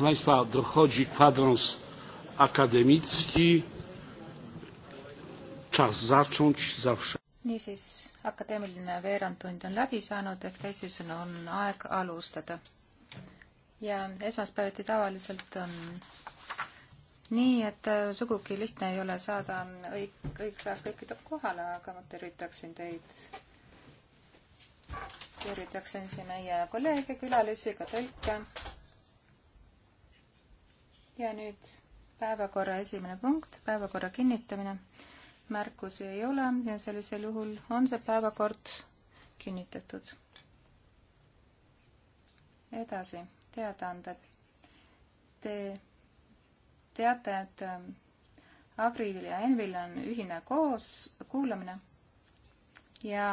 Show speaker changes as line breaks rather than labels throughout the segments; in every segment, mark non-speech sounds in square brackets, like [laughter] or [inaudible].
Proszę Państwa, dochodzi kwadrans akademicki. Czas zacząć zawsze.
niisiis, akadeemiline veerandtund on läbi saanud ehk teisisõnu on aeg alustada. ja esmaspäeviti tavaliselt on nii, et sugugi lihtne ei ole saada õig-, õigeks ajaks kõiki kohale, aga ma tervitaksin teid. tervitaksin siin meie kolleege, külalisi, ka tõlke ja nüüd päevakorra esimene punkt, päevakorra kinnitamine. märkusi ei ole ja sellisel juhul on see päevakord kinnitatud. edasi, teadaanded. Te teate, et ähm, Agril ja Envil on ühine koos kuulamine ja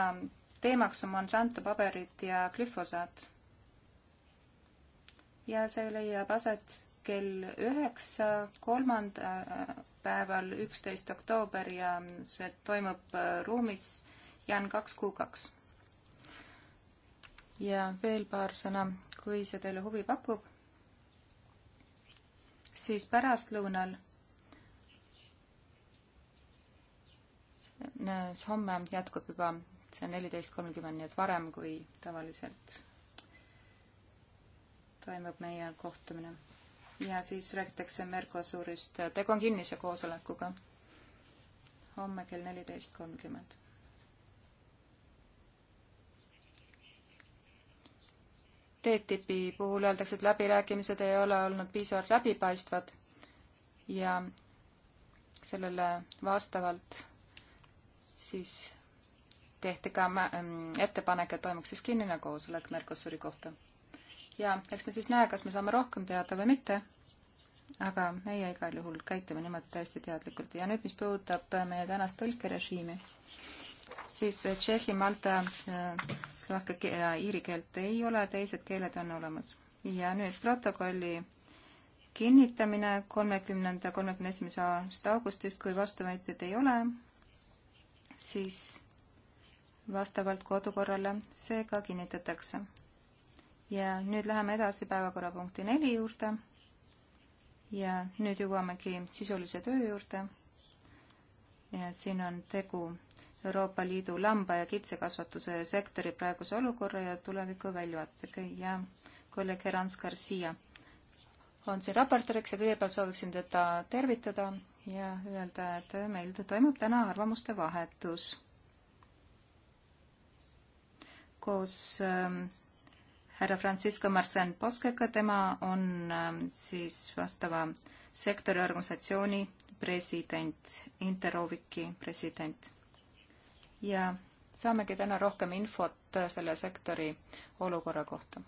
teemaks on Monsanto paberid ja glüfosaat. ja see leiab aset kell üheksa, kolmandapäeval, äh, üksteist oktoober ja see toimub äh, ruumis Jan kaks kuu kaks. ja veel paar sõna, kui see teile huvi pakub, siis pärastlõunal äh, homme jätkub juba see neliteist kolmkümmend, nii et varem kui tavaliselt toimub meie kohtumine ja siis räägitakse Mercosurist. tegu on kinnise koosolekuga homme kell neliteist kolmkümmend. TTIP-i puhul öeldakse, et läbirääkimised ei ole olnud piisavalt läbipaistvad ja sellele vastavalt siis tehti ka ähm, ettepanek, et toimuks siis kinnine koosolek Mercosuri kohta ja eks me siis näe, kas me saame rohkem teada või mitte. aga meie igal juhul käitume niimoodi täiesti teadlikult ja nüüd, mis puudutab meie tänast tõlkerežiimi, siis tšehhi, malta, slovakkia ja iiri keelt ei ole, teised keeled on olemas. ja nüüd protokolli kinnitamine kolmekümnenda, kolmekümne esimese aasta augustist, kui vastuväiteid ei ole, siis vastavalt kodukorrale see ka kinnitatakse ja nüüd läheme edasi päevakorrapunkti neli juurde. ja nüüd jõuamegi sisulise töö juurde. ja siin on tegu Euroopa Liidu lamba- ja kitsekasvatuse sektori praeguse olukorra ja tuleviku väljavaatega ja kolleeg Herans Garcia on siin raportööriks ja kõigepealt sooviksin teda tervitada ja öelda, et meil toimub täna arvamuste vahetus koos ähm, härra Francisco Marcen Poskega, tema on ähm, siis vastava sektori organisatsiooni president, Interoviki president. ja saamegi täna rohkem infot äh, selle sektori olukorra kohta.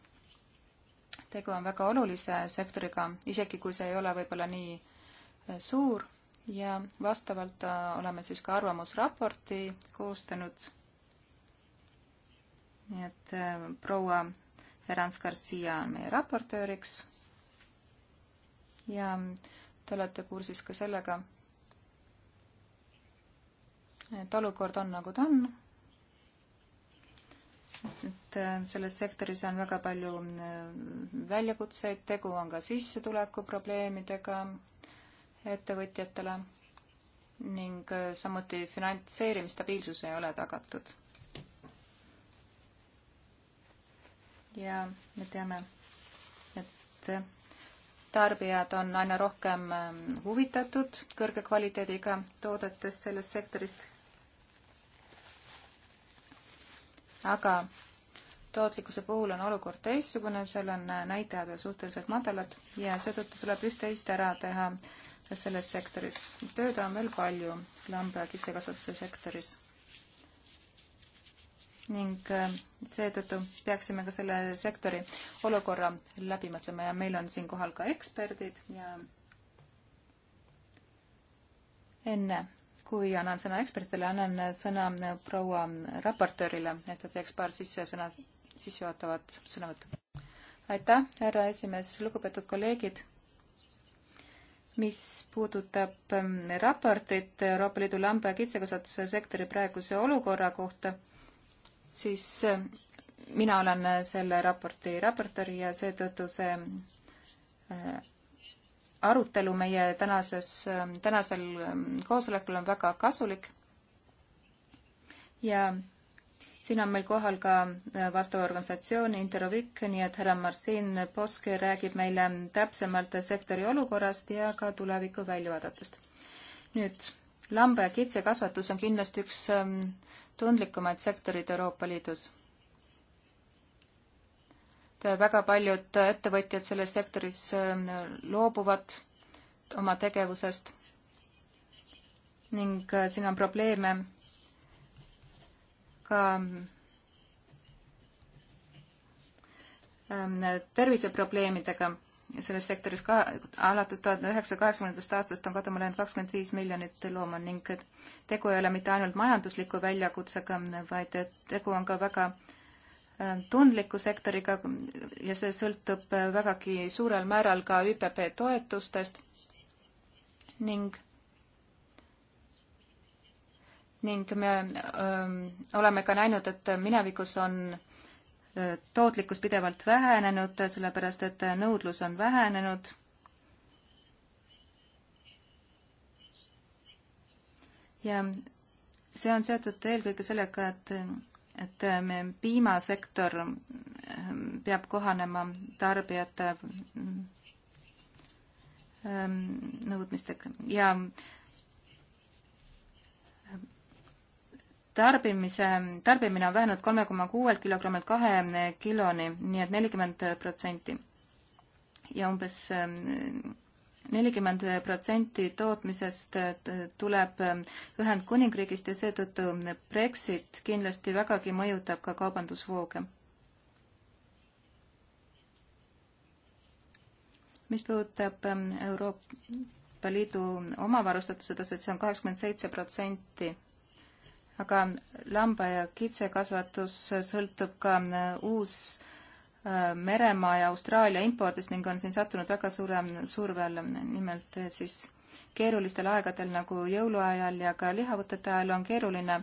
tegu on väga olulise sektoriga, isegi kui see ei ole võib-olla nii äh, suur ja vastavalt äh, oleme siis ka arvamusraporti koostanud. nii et proua Erans Garcia on meie raportööriks. ja te olete kursis ka sellega, et olukord on, nagu ta on. et selles sektoris on väga palju äh, väljakutseid, tegu on ka sissetulekuprobleemidega ettevõtjatele ning äh, samuti finantseerimisstabiilsus ei ole tagatud. ja me teame, et tarbijad on aina rohkem ähm, huvitatud kõrge kvaliteediga toodetest sellest sektorist. aga tootlikkuse puhul on olukord teistsugune, seal on äh, näitajad veel suhteliselt madalad ja seetõttu tuleb üht-teist ära teha selles sektoris. tööd on veel palju lamba- ja kitsekasvatuse sektoris ning äh, seetõttu peaksime ka selle sektori olukorra läbi mõtlema ja meil on siinkohal ka eksperdid ja enne kui annan sõna ekspertidele, annan sõna äh, proua raportöörile, et ta teeks paar sissesõna, sissejuhatavat sõnavõttu. aitäh, härra esimees, lugupeetud kolleegid. mis puudutab ähm, raportit Euroopa Liidu lamba- ja kitsekasvatuse sektori praeguse olukorra kohta siis eh, mina olen eh, selle raporti raportöör ja seetõttu see eh, arutelu meie tänases, tänasel koosolekul on väga kasulik. ja siin on meil kohal ka vastava organisatsiooni Interovik, nii et härra Marcin Poske räägib meile täpsemalt sektori olukorrast ja ka tuleviku väljavaadetest. nüüd lambe- ja kitsekasvatus on kindlasti üks tundlikumad sektorid Euroopa Liidus. et väga paljud ettevõtjad selles sektoris ähm, loobuvad oma tegevusest ning äh, siin on probleeme ka ähm, terviseprobleemidega selles sektoris ka alates tuhande üheksasaja kaheksakümnendast aastast on kaduma läinud kakskümmend viis miljonit looma ning tegu ei ole mitte ainult majandusliku väljakutsega, vaid tegu on ka väga äh, tundliku sektoriga ja see sõltub vägagi suurel määral ka ÜPP toetustest ning ning me öö, ähm, oleme ka näinud, et minevikus on öö, tootlikkus pidevalt vähenenud, sellepärast et nõudlus on vähenenud. ja see on seotud eelkõige sellega, et, et piimasektor ehm, peab kohanema tarbijate ehm, nõudmistega ja tarbimise, tarbimine on vähenenud kolme koma kuuelt kilogrammilt kahe kiloni, nii et nelikümmend protsenti. ja umbes ähm, nelikümmend protsenti tootmisest äh, tuleb äh, Ühendkuningriigist ja seetõttu Brexit kindlasti vägagi mõjutab ka kaubandusvooge. mis puudutab ähm,
Euroopa
Liidu omavarustatuse taset, see on kaheksakümmend seitse protsenti aga lamba- ja kitsekasvatus sõltub ka äh, uus äh, Meremaa ja Austraalia impordist ning on siin sattunud väga suure surve alla, nimelt äh, siis keerulistel aegadel nagu jõuluajal ja ka lihavõtete ajal on keeruline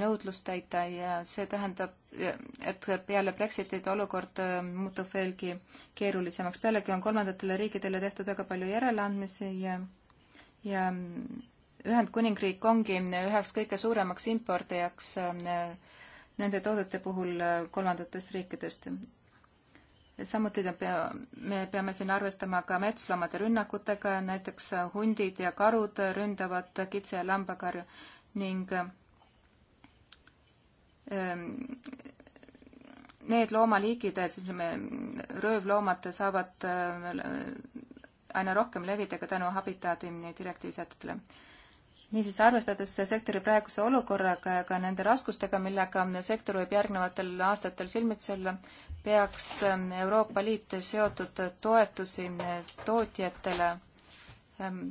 nõudlust täita ja see tähendab, et peale Brexitit olukord muutub veelgi keerulisemaks. pealegi on kolmandatele riikidele tehtud väga palju järeleandmisi ja, ja Ühendkuningriik ongi üheks kõige suuremaks importijaks äh, nende toodete puhul äh, kolmandatest riikidest. samuti me peame siin arvestama ka metsloomade rünnakutega, näiteks äh, hundid ja karud ründavad kitse- ja lambakarju ning ähm, need loomaliigid, röövloomad saavad aina rohkem levida ka tänu habitaadi direktiivi sätetele niisiis, arvestades sektori praeguse olukorraga ja ka nende raskustega, millega sektor võib järgnevatel aastatel silmitsi olla, peaks ähm, Euroopa Liit seotud toetusi äh, tootjatele ähm,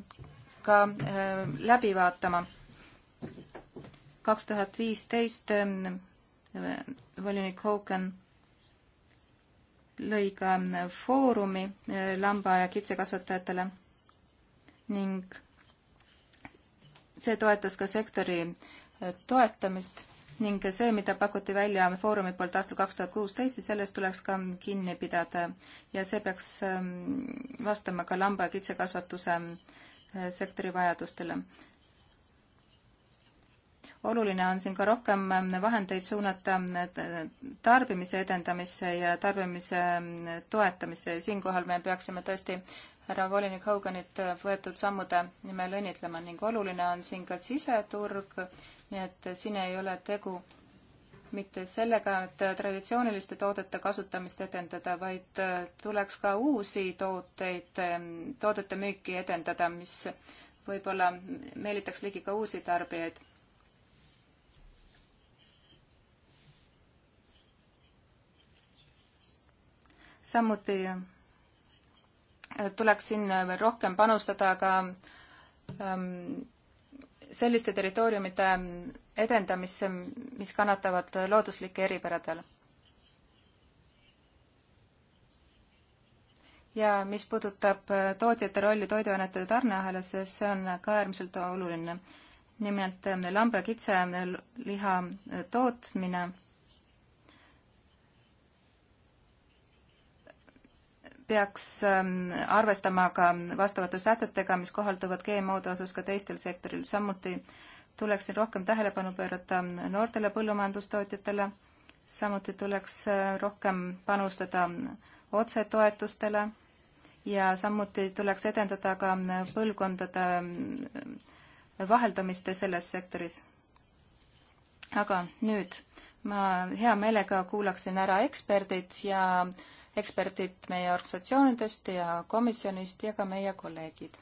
ka äh, läbi vaatama. kaks tuhat viisteist ähm, äh, volinik Hogan lõi ka foorumi lamba- ja kitsekasvatajatele ning see toetas ka sektori äh, toetamist ning see, mida pakuti välja Foorumi poolt aastal kaks tuhat kuusteist, siis sellest tuleks ka kinni pidada ja see peaks ähm, vastama ka lamba- ja kitsekasvatuse äh, sektori vajadustele. oluline on siin ka rohkem ähm, vahendeid suunata äh, tarbimise edendamisse ja tarbimise ähm, toetamisse ja siinkohal me peaksime tõesti härra volinik Hauganit võetud sammude nimel õnnitlema ning oluline on siin ka siseturg, nii et siin ei ole tegu mitte sellega, et traditsiooniliste toodete kasutamist edendada, vaid tuleks ka uusi tooteid, toodete müüki edendada, mis võib-olla meelitaks ligi ka uusi tarbijaid. samuti tuleks siin rohkem panustada ka ähm, selliste territooriumite edendamisse, mis kannatavad looduslike eripäradel. ja mis puudutab äh, tootjate rolli toiduainete tarneahelas, siis see on ka äärmiselt oluline. nimelt äh, lambe- ja kitseliha äh, tootmine peaks ähm, arvestama ka vastavate sätetega, mis kohalduvad GMO-de osas ka teistel sektoril. samuti tuleks siin rohkem tähelepanu pöörata noortele põllumajandustootjatele, samuti tuleks äh, rohkem panustada otsetoetustele ja samuti tuleks edendada ka äh, põlvkondade äh, vaheldumist selles sektoris. aga nüüd ma hea meelega kuulaksin ära eksperdid ja äh, eksperdid meie organisatsioonidest ja komisjonist ja ka meie kolleegid.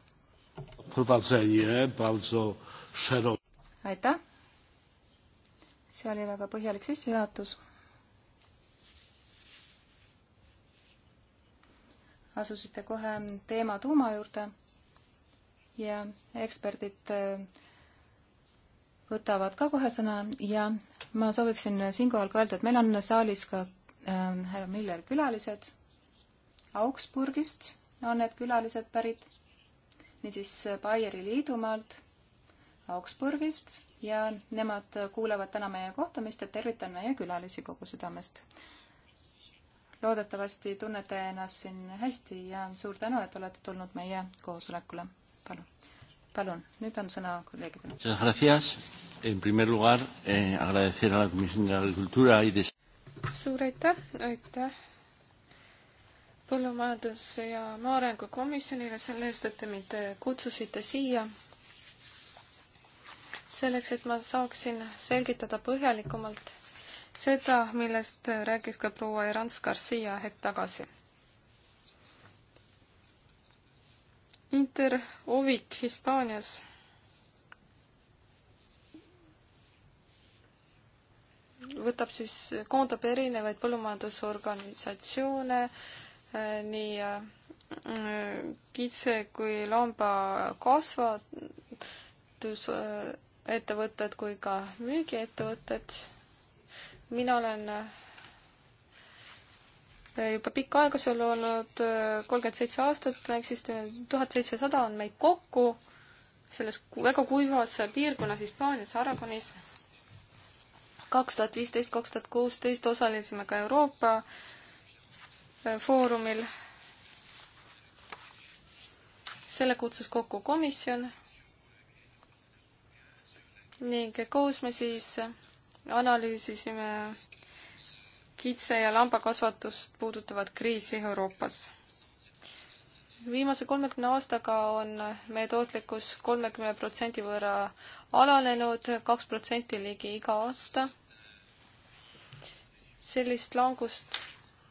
aitäh! see oli väga põhjalik sissejuhatus. asusite kohe teema tuuma juurde ja eksperdid eh, võtavad ka kohe sõna ja ma sooviksin siinkohal ka öelda, et meil on saalis ka Ähm, härra Miller külalised. Augsburgist on need külalised pärit, niisiis äh, Baieri liidumaalt Augsburgist ja nemad äh, kuulavad täna meie kohtumist ja tervitan meie külalisi kogu südamest. loodetavasti tunnete ennast siin hästi ja suur tänu, et olete tulnud meie koosolekule. palun, palun, nüüd on sõna kolleegidele suur aitäh,
aitäh põllumajandus- ja maaarengu komisjonile selle eest, et te mind kutsusite siia. selleks, et ma saaksin selgitada põhjalikumalt seda, millest rääkis ka proua Erans Garcia hetk tagasi. Inter Ovic Hispaanias võtab siis, koondab erinevaid põllumajandusorganisatsioone, äh, nii äh, kitse kui lambakasvatusettevõtted kui ka müügiettevõtted. mina olen äh, juba pikka aega seal olnud, kolmkümmend seitse aastat me eksisteerime, tuhat seitsesada on meid kokku selles väga kuivas piirkonnas Hispaanias, Aragonis kaks tuhat viisteist, kaks tuhat kuusteist osalesime ka Euroopa äh, Foorumil. selle kutsus kokku komisjon ning koos me siis analüüsisime kitse- ja lambakasvatust puudutavat kriisi Euroopas. viimase kolmekümne aastaga on meie tootlikkus kolmekümne protsendi võrra alanenud, kaks protsenti ligi iga aasta sellist langust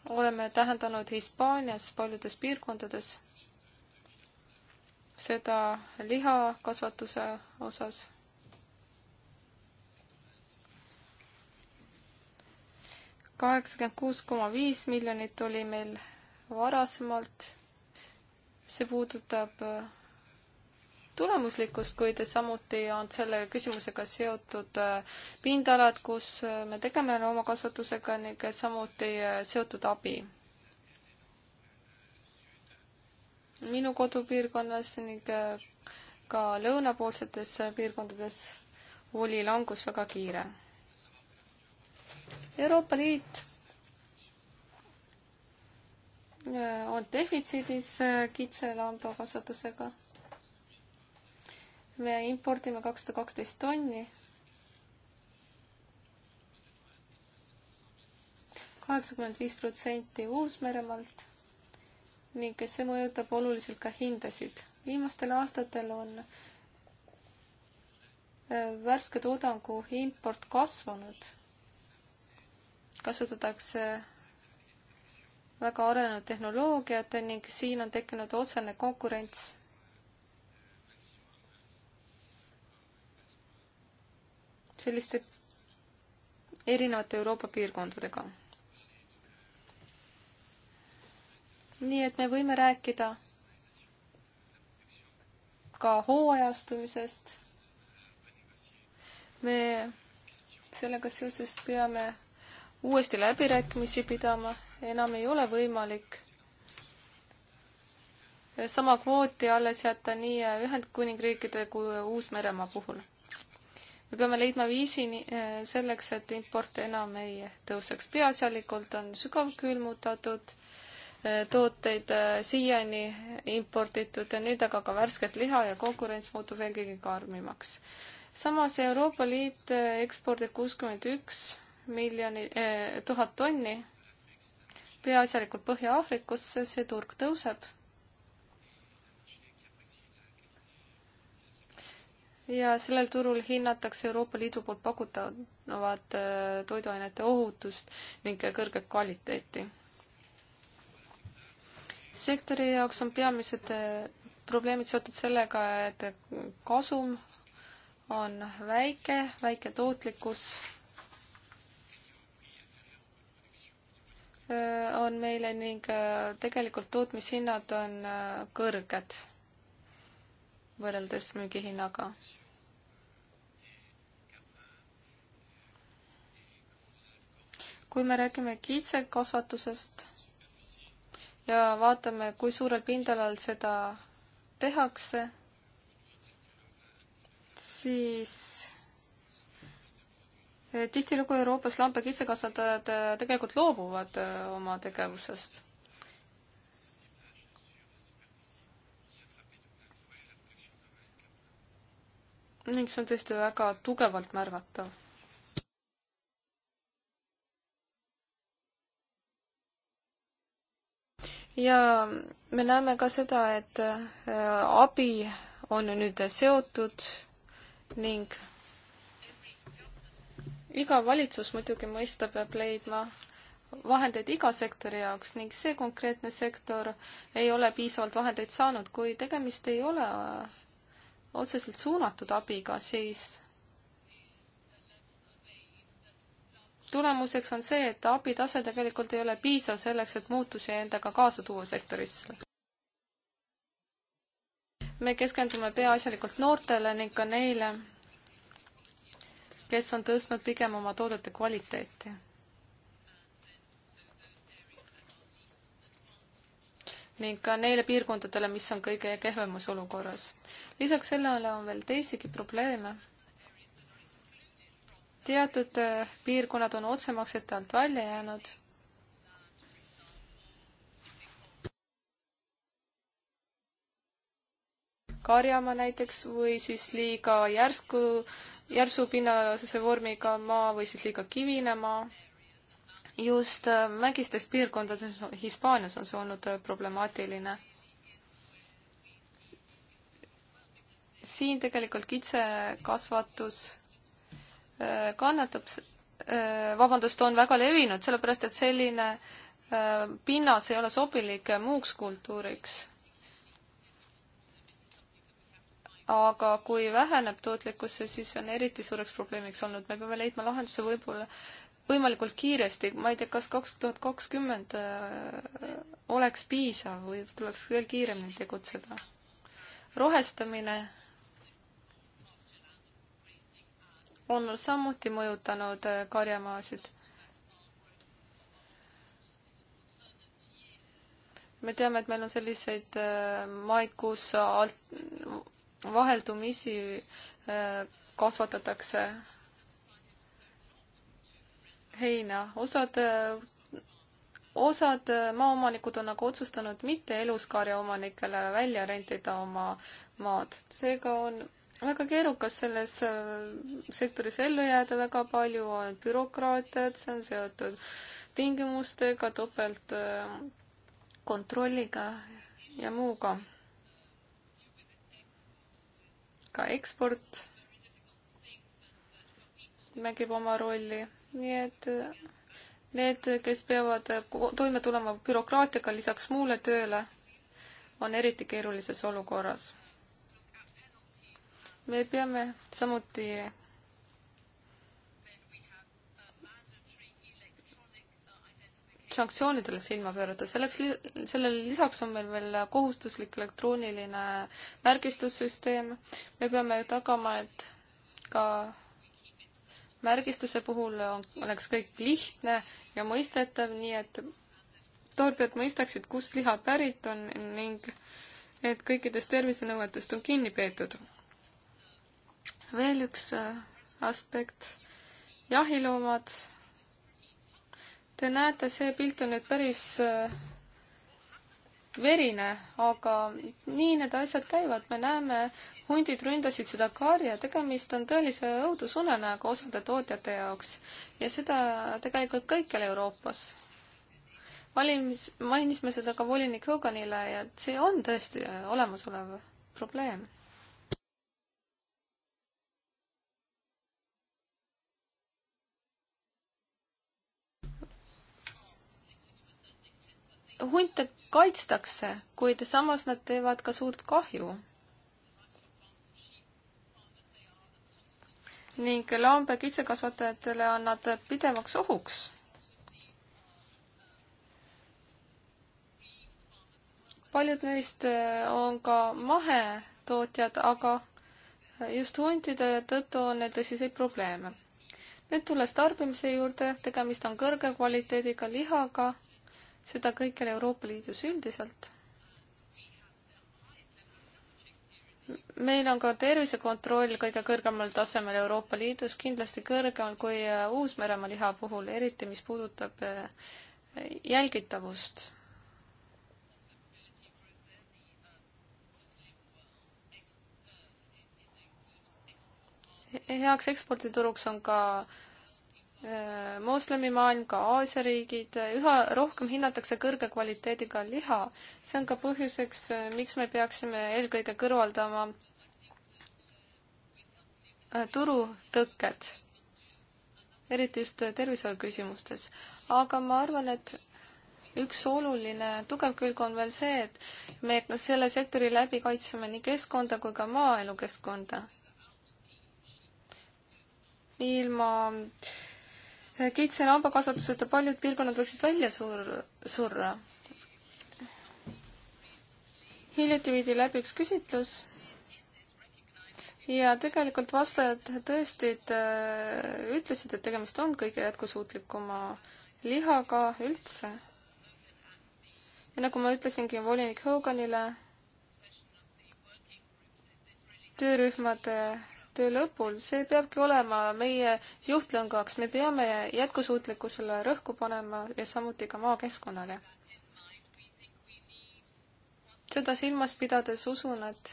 oleme tähendanud Hispaanias paljudes piirkondades, seda lihakasvatuse osas kaheksakümmend kuus koma viis miljonit oli meil varasemalt. see puudutab tulemuslikkust, kuid samuti on selle küsimusega seotud äh, pindalad, kus äh, me tegeleme loomakasvatusega ning samuti äh, seotud abi. minu kodupiirkonnas ning ka lõunapoolsetes piirkondades oli langus väga kiire. Euroopa Liit on defitsiidis kitsalambakasvatusega me impordime kakssada kaksteist tonni. kaheksakümmend viis protsenti Uus-Meremaalt ning see mõjutab oluliselt ka hindasid. viimastel aastatel on äh, värske toodangu import kasvanud. kasutatakse väga arenenud tehnoloogiat ning siin on tekkinud otsene konkurents selliste erinevate Euroopa piirkondadega. nii et me võime rääkida ka hooajastumisest. me sellega seoses peame uuesti läbirääkimisi pidama, enam ei ole võimalik sama kvooti alles jätta nii Ühendkuningriikide kui Uus-Meremaa puhul me peame leidma viisi äh, selleks, et import enam ei tõuseks. peaasjalikult on sügavkülmutatud äh, tooteid äh, siiani imporditud ja nüüd aga ka värsket liha ja konkurents muutub veelgi karmimaks. samas Euroopa Liit ekspordib kuuskümmend üks miljoni eh,, tuhat tonni peaasjalikult Põhja-Aafrikusse, see turg tõuseb ja sellel turul hinnatakse Euroopa Liidu poolt pakutavat äh, toiduainete ohutust ning kõrget kvaliteeti. sektori jaoks on peamised äh, probleemid seotud sellega, et kasum on väike, väike tootlikkus äh, on meile ning tegelikult tootmishinnad on kõrged võrreldes müügihinnaga kui me räägime kitsekasvatusest ja vaatame, kui suurel pindalal seda tehakse, siis eh, tihtilugu Euroopas lambakitsekasvatajad eh, tegelikult loobuvad eh, oma tegevusest. ning see on tõesti väga tugevalt märgatav ja me näeme ka seda, et äh, abi on nüüd seotud ning iga valitsus muidugi mõista peab leidma vahendeid iga sektori jaoks ning see konkreetne sektor ei ole piisavalt vahendeid saanud. kui tegemist ei ole äh, otseselt suunatud abiga, siis tulemuseks on see, et abitase tegelikult ei ole piisav selleks, et muutusi endaga kaasa tuua sektorisse. me keskendume peaasjalikult noortele ning ka neile, kes on tõstnud pigem oma toodete kvaliteeti. ning ka neile piirkondadele, mis on kõige kehvemas olukorras. lisaks sellele on veel teisigi probleeme teatud äh, piirkonnad on otsemaksete alt välja jäänud. Karjamaa näiteks või siis liiga järsku, järsu pinnase vormiga maa või siis liiga kivine maa. just mägistes äh, piirkondades Hispaanias on see olnud äh, problemaatiline siin tegelikult kitsekasvatus Äh, kannatab, äh, vabandust, on väga levinud, sellepärast et selline äh, pinnas ei ole sobilik muuks kultuuriks. aga kui väheneb tootlikkus, siis see on eriti suureks probleemiks olnud, me peame leidma lahenduse võib-olla võimalikult kiiresti, ma ei tea, kas kaks tuhat kakskümmend oleks piisav või tuleks veel kiiremini tegutseda. rohestamine on samuti mõjutanud äh, karjamaasid. me teame, et meil on selliseid äh, maid, kus alt, vaheldumisi äh, kasvatatakse heina. osad, osad maaomanikud on aga otsustanud mitte eluskarja omanikele välja rentida oma maad. seega on väga keerukas selles äh, sektoris ellu jääda, väga palju on bürokraatiat, see on seotud tingimustega, topeltkontrolliga äh, ja muuga. ka eksport mängib oma rolli, nii et äh, need, kes peavad toime tulema bürokraatiaga lisaks muule tööle, on eriti keerulises olukorras me peame samuti sanktsioonidele silma pöörata, selleks, sellele lisaks on meil veel kohustuslik elektrooniline märgistussüsteem. me peame tagama, et ka märgistuse puhul on, oleks kõik lihtne ja mõistetav, nii et tarbijad mõistaksid, kust liha pärit on ning et kõikidest tervisenõuetest on kinni peetud veel üks äh, aspekt, jahiloomad. Te näete, see pilt on nüüd päris äh, verine, aga nii need asjad käivad, me näeme, hundid ründasid seda karja, tegemist on tõelise õudusunenäoga osade tootjate jaoks ja seda tegelikult kõikjal Euroopas. valimis, mainisime seda ka volinik Hoganile ja see on tõesti äh, olemasolev probleem hunte kaitstakse, kuid samas nad teevad ka suurt kahju. ning lambe kitsekasvatajatele on nad pidevaks ohuks paljud neist äh, on ka mahetootjad, aga just huntide tõttu on neil tõsiseid probleeme. nüüd tulles tarbimise juurde, tegemist on kõrge kvaliteediga lihaga, seda kõikjal Euroopa Liidus üldiselt. meil on ka tervisekontroll kõige kõrgemal tasemel Euroopa Liidus, kindlasti kõrgem kui äh, Uus-Meremaa liha puhul, eriti mis puudutab äh, jälgitavust. heaks ekspordituruks on ka äh, Äh, moslemimaailm, ka Aasia riigid, äh, üha rohkem hinnatakse kõrge kvaliteediga liha. see on ka põhjuseks, äh, miks me peaksime eelkõige kõrvaldama turutõkked, eriti just tervishoiuküsimustes. aga ma arvan, et üks oluline tugev külg on veel see, et me no, selle sektori läbi kaitseme nii keskkonda kui ka maaelukeskkonda. ilma äh, kitse lambakasvatuseta paljud piirkonnad võiksid välja sur-, surra. hiljuti viidi läbi üks küsitlus ja tegelikult vastajad tõesti äh, ütlesid, et tegemist on kõige jätkusuutlikuma lihaga üldse. ja nagu ma ütlesingi volinik Hoganile, töörühmade töö lõpul, see peabki olema meie juhtlõngaks, me peame jätkusuutlikkusele rõhku panema ja samuti ka maakeskkonnale. seda silmas pidades usun, et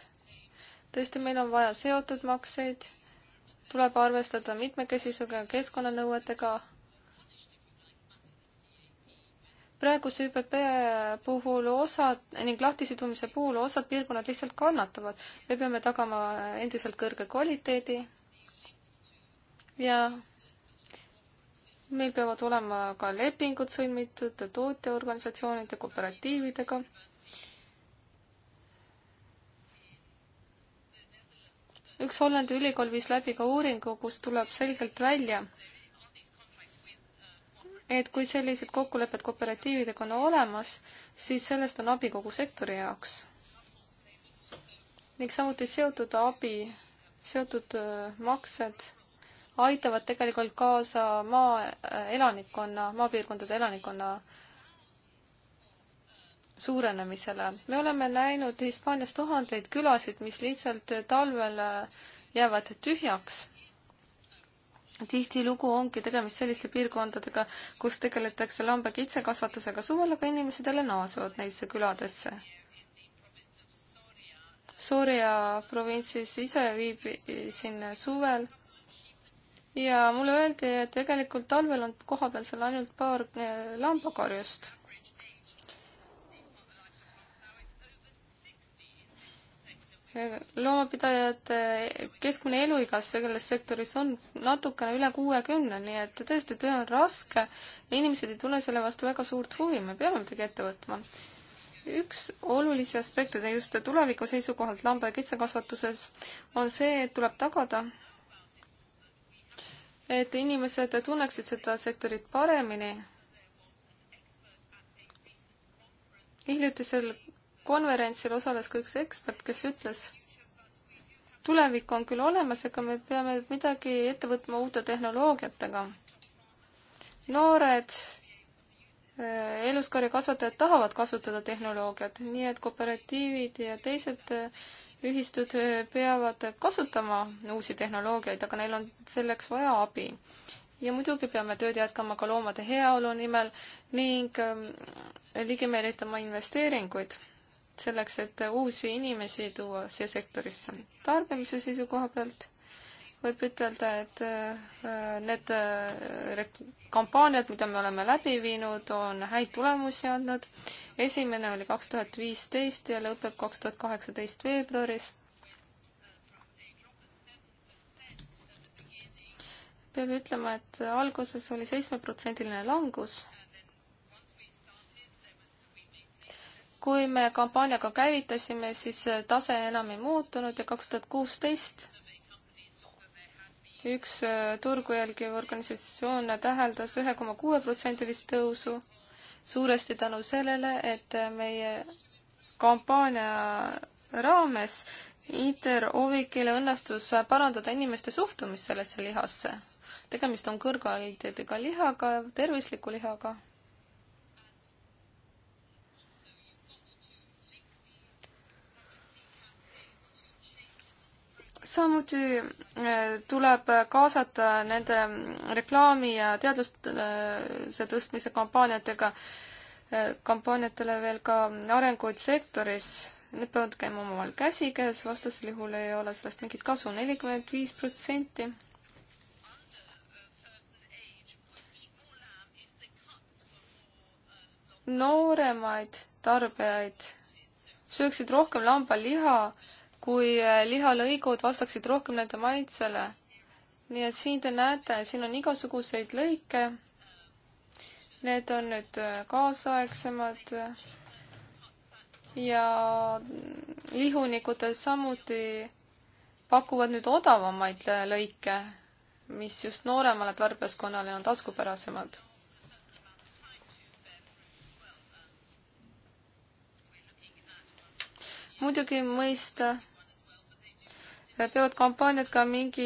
tõesti, meil on vaja seotud makseid, tuleb arvestada mitmekesisusega, keskkonnanõuetega, praeguse ÜPP puhul osad ning lahtisidumise puhul osad piirkonnad lihtsalt kannatavad. me peame tagama endiselt kõrge kvaliteedi ja meil peavad olema ka lepingud sõlmitud tootjaorganisatsioonide, kooperatiividega. üks Hollandi ülikool viis läbi ka uuringu, kus tuleb selgelt välja, et kui sellised kokkulepped kooperatiividega on olemas, siis sellest on abi kogu sektori jaoks. ning samuti seotud abi, seotud äh, maksed aitavad tegelikult kaasa maa äh, elanikkonna, maapiirkondade elanikkonna suurenemisele. me oleme näinud Hispaanias tuhandeid külasid, mis lihtsalt äh, talvel jäävad tühjaks tihtilugu ongi tegemist selliste piirkondadega, kus tegeletakse lambakitsekasvatusega suvel, aga inimesed jälle naasevad neisse küladesse. Soria provintsis ise viibisin suvel ja mulle öeldi, et tegelikult talvel on kohapeal seal ainult paar eh, lambakarjust loomapidajate eh, keskmine eluiga selles sektoris on natukene üle kuuekümne, nii et tõesti, töö on raske ja inimesed ei tunne selle vastu väga suurt huvi, me peame midagi ette võtma. üks olulisi aspekte just tuleviku seisukohalt lamba- ja kitsekasvatuses on see, et tuleb tagada, et inimesed tunneksid seda sektorit paremini. hiljutisel konverentsil osales ka üks ekspert, kes ütles, tulevik on küll olemas, aga me peame midagi ette võtma uute tehnoloogiatega. noored eh, eluskarja kasvatajad tahavad kasutada tehnoloogiat, nii et kooperatiivid ja teised eh, ühistud eh, peavad kasutama uusi tehnoloogiaid, aga neil on selleks vaja abi. ja muidugi peame tööd jätkama ka loomade heaolu nimel ning ligimeelitama investeeringuid selleks, et uusi inimesi tuua siia sektorisse. tarbimise seisukoha pealt võib ütelda, et äh, need äh, kampaaniad, mida me oleme läbi viinud, on häid tulemusi andnud. esimene oli kaks tuhat viisteist ja lõpeb kaks tuhat kaheksateist veebruaris. peab ütlema, et alguses oli seitsmeprotsendiline langus kui me kampaaniaga käivitasime, siis tase enam ei muutunud ja kaks tuhat kuusteist üks äh, turgu jälgiv organisatsioon täheldas ühe koma kuue protsendilist tõusu, suuresti tänu sellele, et äh, meie kampaania raames Iter Ovikile õnnestus parandada inimeste suhtumist sellesse lihasse. tegemist on kõrgkvaliteediga lihaga, tervisliku lihaga. samuti äh, tuleb kaasata nende reklaami ja teadlustuse äh, tõstmise kampaaniatega, äh, kampaaniatele veel ka arenguid sektoris. Need peavad käima omavahel käsikäes, vastasel juhul ei ole sellest mingit kasu. nelikümmend viis protsenti nooremaid tarbijaid sööksid rohkem lambaliha kui äh, lihalõigud vastaksid rohkem nende maitsele. nii et siin te näete, siin on igasuguseid lõike. Need on nüüd äh, kaasaegsemad ja lihunikud samuti pakuvad nüüd odavamaid lõike, mis just nooremale tarbijaskonnale on taskupärasemad muidugi mõista peavad kampaaniad ka mingi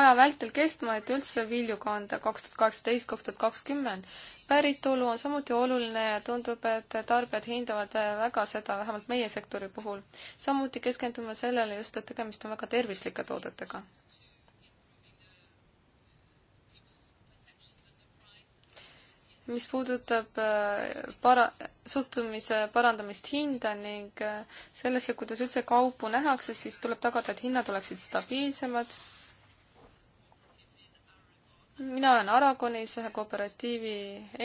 aja vältel kestma, et üldse vilju kanda, kaks tuhat kaheksateist, kaks tuhat kakskümmend. päritolu on samuti oluline ja tundub, et tarbijad hindavad väga seda, vähemalt meie sektori puhul. samuti keskendume sellele just, et tegemist on väga tervislike toodetega. mis puudutab äh, para-, suhtumise parandamist hinda ning äh, sellesse, kuidas üldse kaupu nähakse, siis tuleb tagada, et hinnad oleksid stabiilsemad. mina olen Aragonis ühe kooperatiivi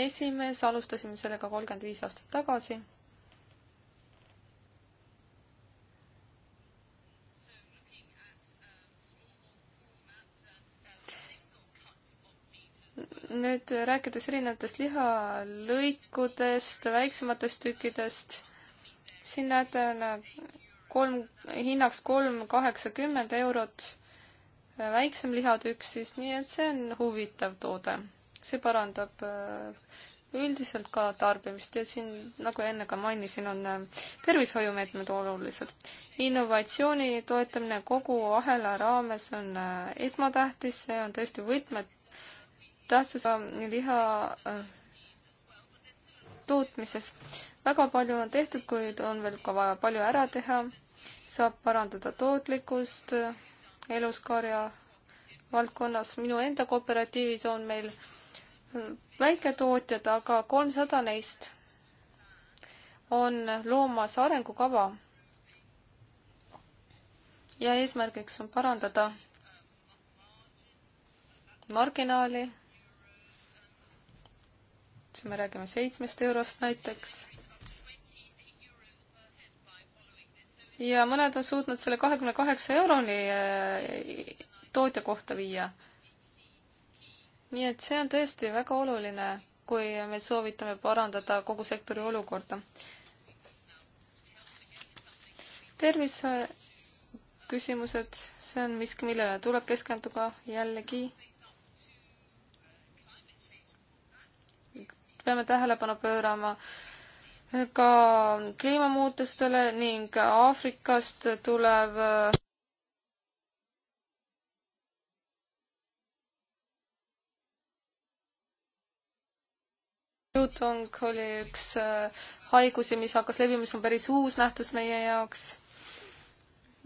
esimees, alustasime sellega kolmkümmend viis aastat tagasi nüüd rääkides erinevatest lihalõikudest, väiksematest tükkidest, siin näete kolm, hinnaks kolm kaheksakümmend eurot väiksem lihatükk siis, nii et see on huvitav toode. see parandab äh, üldiselt ka tarbimist ja siin, nagu enne ka mainisin, on äh, tervishoiumeetmed olulised. innovatsiooni toetamine kogu ahela raames on äh, esmatähtis, see on tõesti võtmed tähtsus liha äh, tootmises. väga palju on tehtud, kuid on veel ka vaja palju ära teha. saab parandada tootlikkust äh, eluskarja valdkonnas. minu enda kooperatiivis on meil äh, väiketootjad, aga kolmsada neist on loomas arengukava. ja eesmärgiks on parandada marginaali eurost, me räägime seitsmest eurost näiteks. ja mõned on suutnud selle kahekümne kaheksa euroni eh, tootja kohta viia. nii et see on tõesti väga oluline, kui me soovitame parandada kogu sektori olukorda. tervise küsimused, see on miski, millele tuleb keskenduda jällegi peame tähelepanu pöörama ka kliimamuutustele ning Aafrikast tulev Newtong oli üks äh, haigusi, mis hakkas levima, mis on päris uus nähtus meie jaoks.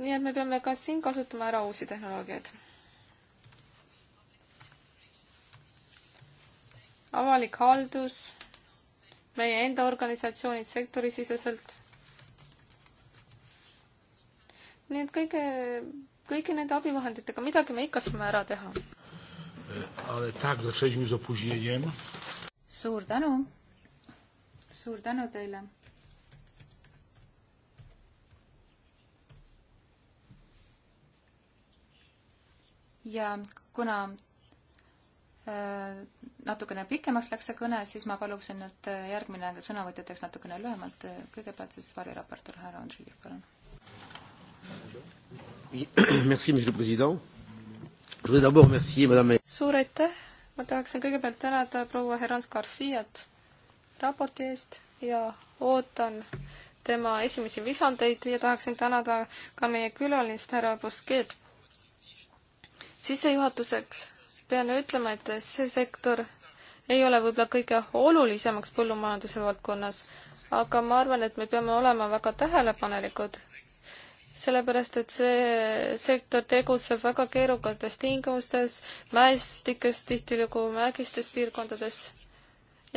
nii et me peame ka siin kasutama ära uusi tehnoloogiaid avalik haldus, meie enda organisatsioonid sektorisiseselt. nii et kõige, kõigi nende abivahenditega midagi me ikka saame ära teha.
suur tänu, suur tänu teile ja kuna Äh, natukene pikemaks läks see kõne, siis ma paluksin, et äh, järgmine sõnavõtja teeks natukene lühemalt. Äh, kõigepealt siis variraportor härra Andriiv, palun.
[clears throat]
suur aitäh, ma tahaksin kõigepealt tänada proua Herans Garciat raporti eest ja ootan tema esimesi visandeid ja tahaksin tänada ka meie külalist härra Busquet. sissejuhatuseks pean ütlema, et see sektor ei ole võib-olla kõige olulisemaks põllumajanduse valdkonnas, aga ma arvan, et me peame olema väga tähelepanelikud, sellepärast et see sektor tegutseb väga keerukates tingimustes, mäestikes tihtilugu, mägistes piirkondades.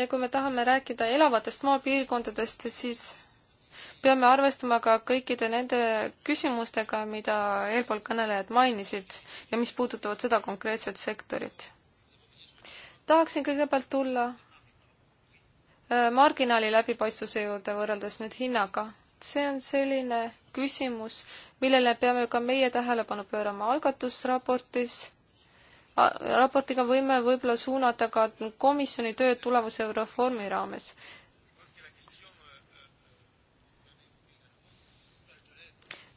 ja kui me tahame rääkida elavatest maapiirkondadest, siis peame arvestama ka kõikide nende küsimustega, mida eelpool kõnelejad mainisid ja mis puudutavad seda konkreetset sektorit. tahaksin kõigepealt tulla äh, marginaali läbipaistvuse juurde võrreldes nüüd hinnaga. see on selline küsimus, millele peame ka meie tähelepanu pöörama algatusraportis raportiga võime võib-olla suunata ka komisjoni tööd tulevuse reformi raames.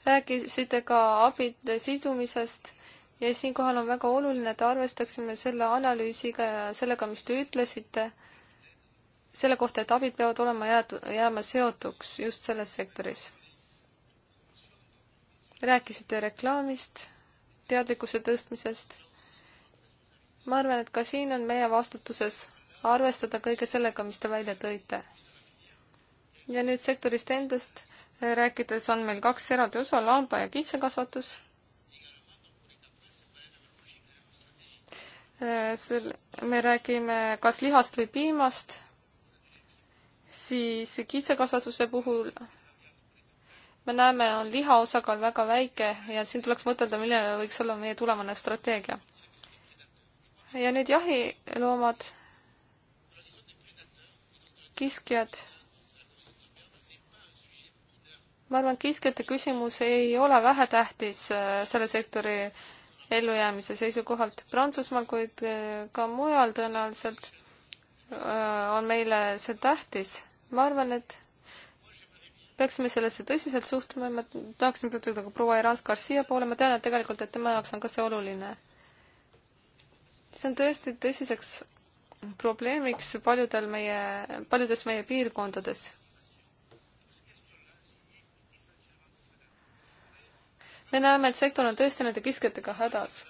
rääkisite ka abide sidumisest ja siinkohal on väga oluline, et arvestaksime selle analüüsiga ja sellega, mis te ütlesite, selle kohta, et abid peavad olema jääd-, jääma seotuks just selles sektoris. rääkisite reklaamist, teadlikkuse tõstmisest. ma arvan, et ka siin on meie vastutuses arvestada kõige sellega, mis te välja tõite. ja nüüd sektorist endast rääkides on meil kaks eraldi osa, laamba- ja kitsekasvatus. sel-, me räägime kas lihast või piimast, siis kitsekasvatuse puhul me näeme, on liha osakaal väga väike ja siin tuleks mõtelda, milline võiks olla meie tulevane strateegia. ja nüüd jahiloomad, kiskjad ma arvan, et kiskjate küsimus ei ole vähetähtis äh, selle sektori ellujäämise seisukohalt Prantsusmaal, kuid äh, ka mujal tõenäoliselt äh, on meile see tähtis. ma arvan, et peaksime sellesse tõsiselt suhtuma ja ma tahaksin pöörduda ka proua Erans Garcia poole, ma tean, et tegelikult, et tema jaoks on ka see oluline. see on tõesti tõsiseks probleemiks paljudel meie, paljudes meie piirkondades. me näeme, et sektor on tõesti nende kiskjatega hädas.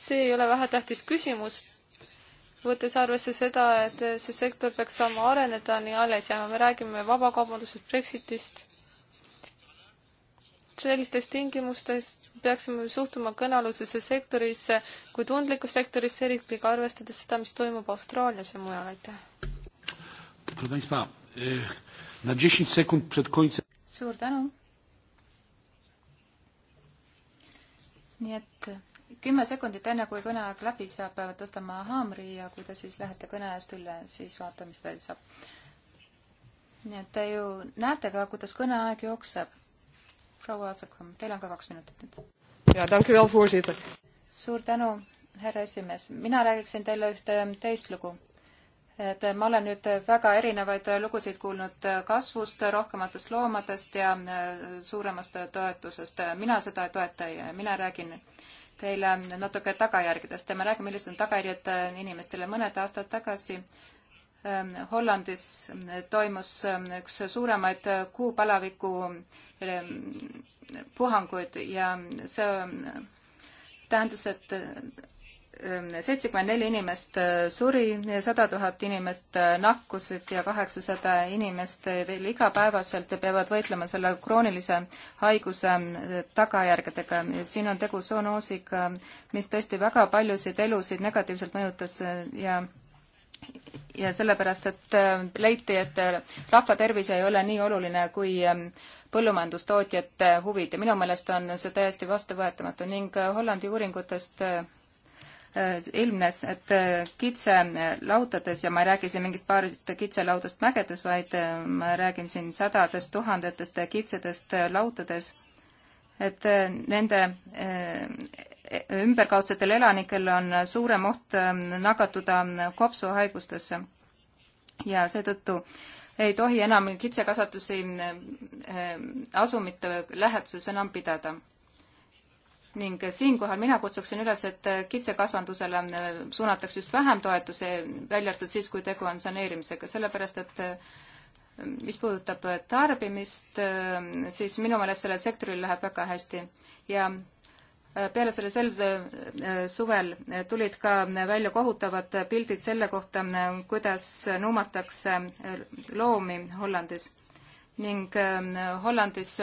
see ei ole vähetähtis küsimus, võttes arvesse seda, et see sektor peaks saama areneda nii alles jääma, me räägime vabakaubandusest, Brexitist. sellistes tingimustes peaksime suhtuma kõnealusesse sektorisse kui tundlikku sektorisse, eriti ka arvestades seda, mis toimub Austraalias ja mujal, aitäh.
E,
suur tänu nii et kümme sekundit enne, kui kõneaeg läbi saab, peavad tõstma haamri ja kui te siis lähete kõne eest üle, siis vaatame, mis edasi saab. nii et te ju näete ka, kuidas kõneaeg jookseb. proua Asakam, teil on ka kaks minutit nüüd.
ja tänke veel, voorzitter.
suur tänu, härra esimees. mina räägiksin teile ühte teist lugu et ma olen nüüd väga erinevaid lugusid kuulnud kasvust, rohkematest loomadest ja äh, suuremast toetusest. mina seda ei toeta ja mina räägin teile natuke tagajärgedest ja ma räägin, millised on tagajärjed äh, inimestele. mõned aastad tagasi ähm, Hollandis äh, toimus ähm, üks suuremaid kuupalaviku ähm, puhanguid ja see tähendas, et seitsekümmend neli inimest äh, suri, sada tuhat inimest äh, nakkusid ja kaheksasada inimest veel igapäevaselt peavad võitlema selle kroonilise haiguse äh, tagajärgedega. siin on tegu zoonoosiga, mis tõesti väga paljusid elusid negatiivselt mõjutas ja ja sellepärast, et leiti, et rahvatervis ei ole nii oluline kui ähm, põllumajandustootjate huvid ja minu meelest on see täiesti vastuvõetamatu ning Hollandi uuringutest ilmnes, äh, et äh, kitselautades äh, ja ma ei räägi siin mingist paarist kitselaudast mägedes, vaid ma räägin siin sadadest tuhandetest kitsedest lautades, et nende ümberkaudsetel elanikel on suurem oht nakatuda kopsuhaigustesse. ja seetõttu ei tohi enam kitsekasvatusi asumite läheduses enam pidada ning siinkohal mina kutsuksin üles, et kitsekasvandusele äh, suunatakse just vähem toetusi, välja arvatud siis, kui tegu on saneerimisega, sellepärast et äh, mis puudutab tarbimist, äh, siis minu meelest sellel sektoril läheb väga hästi ja peale selle sel suvel tulid ka välja kohutavad pildid selle kohta, kuidas nuumatakse loomi Hollandis ning Hollandis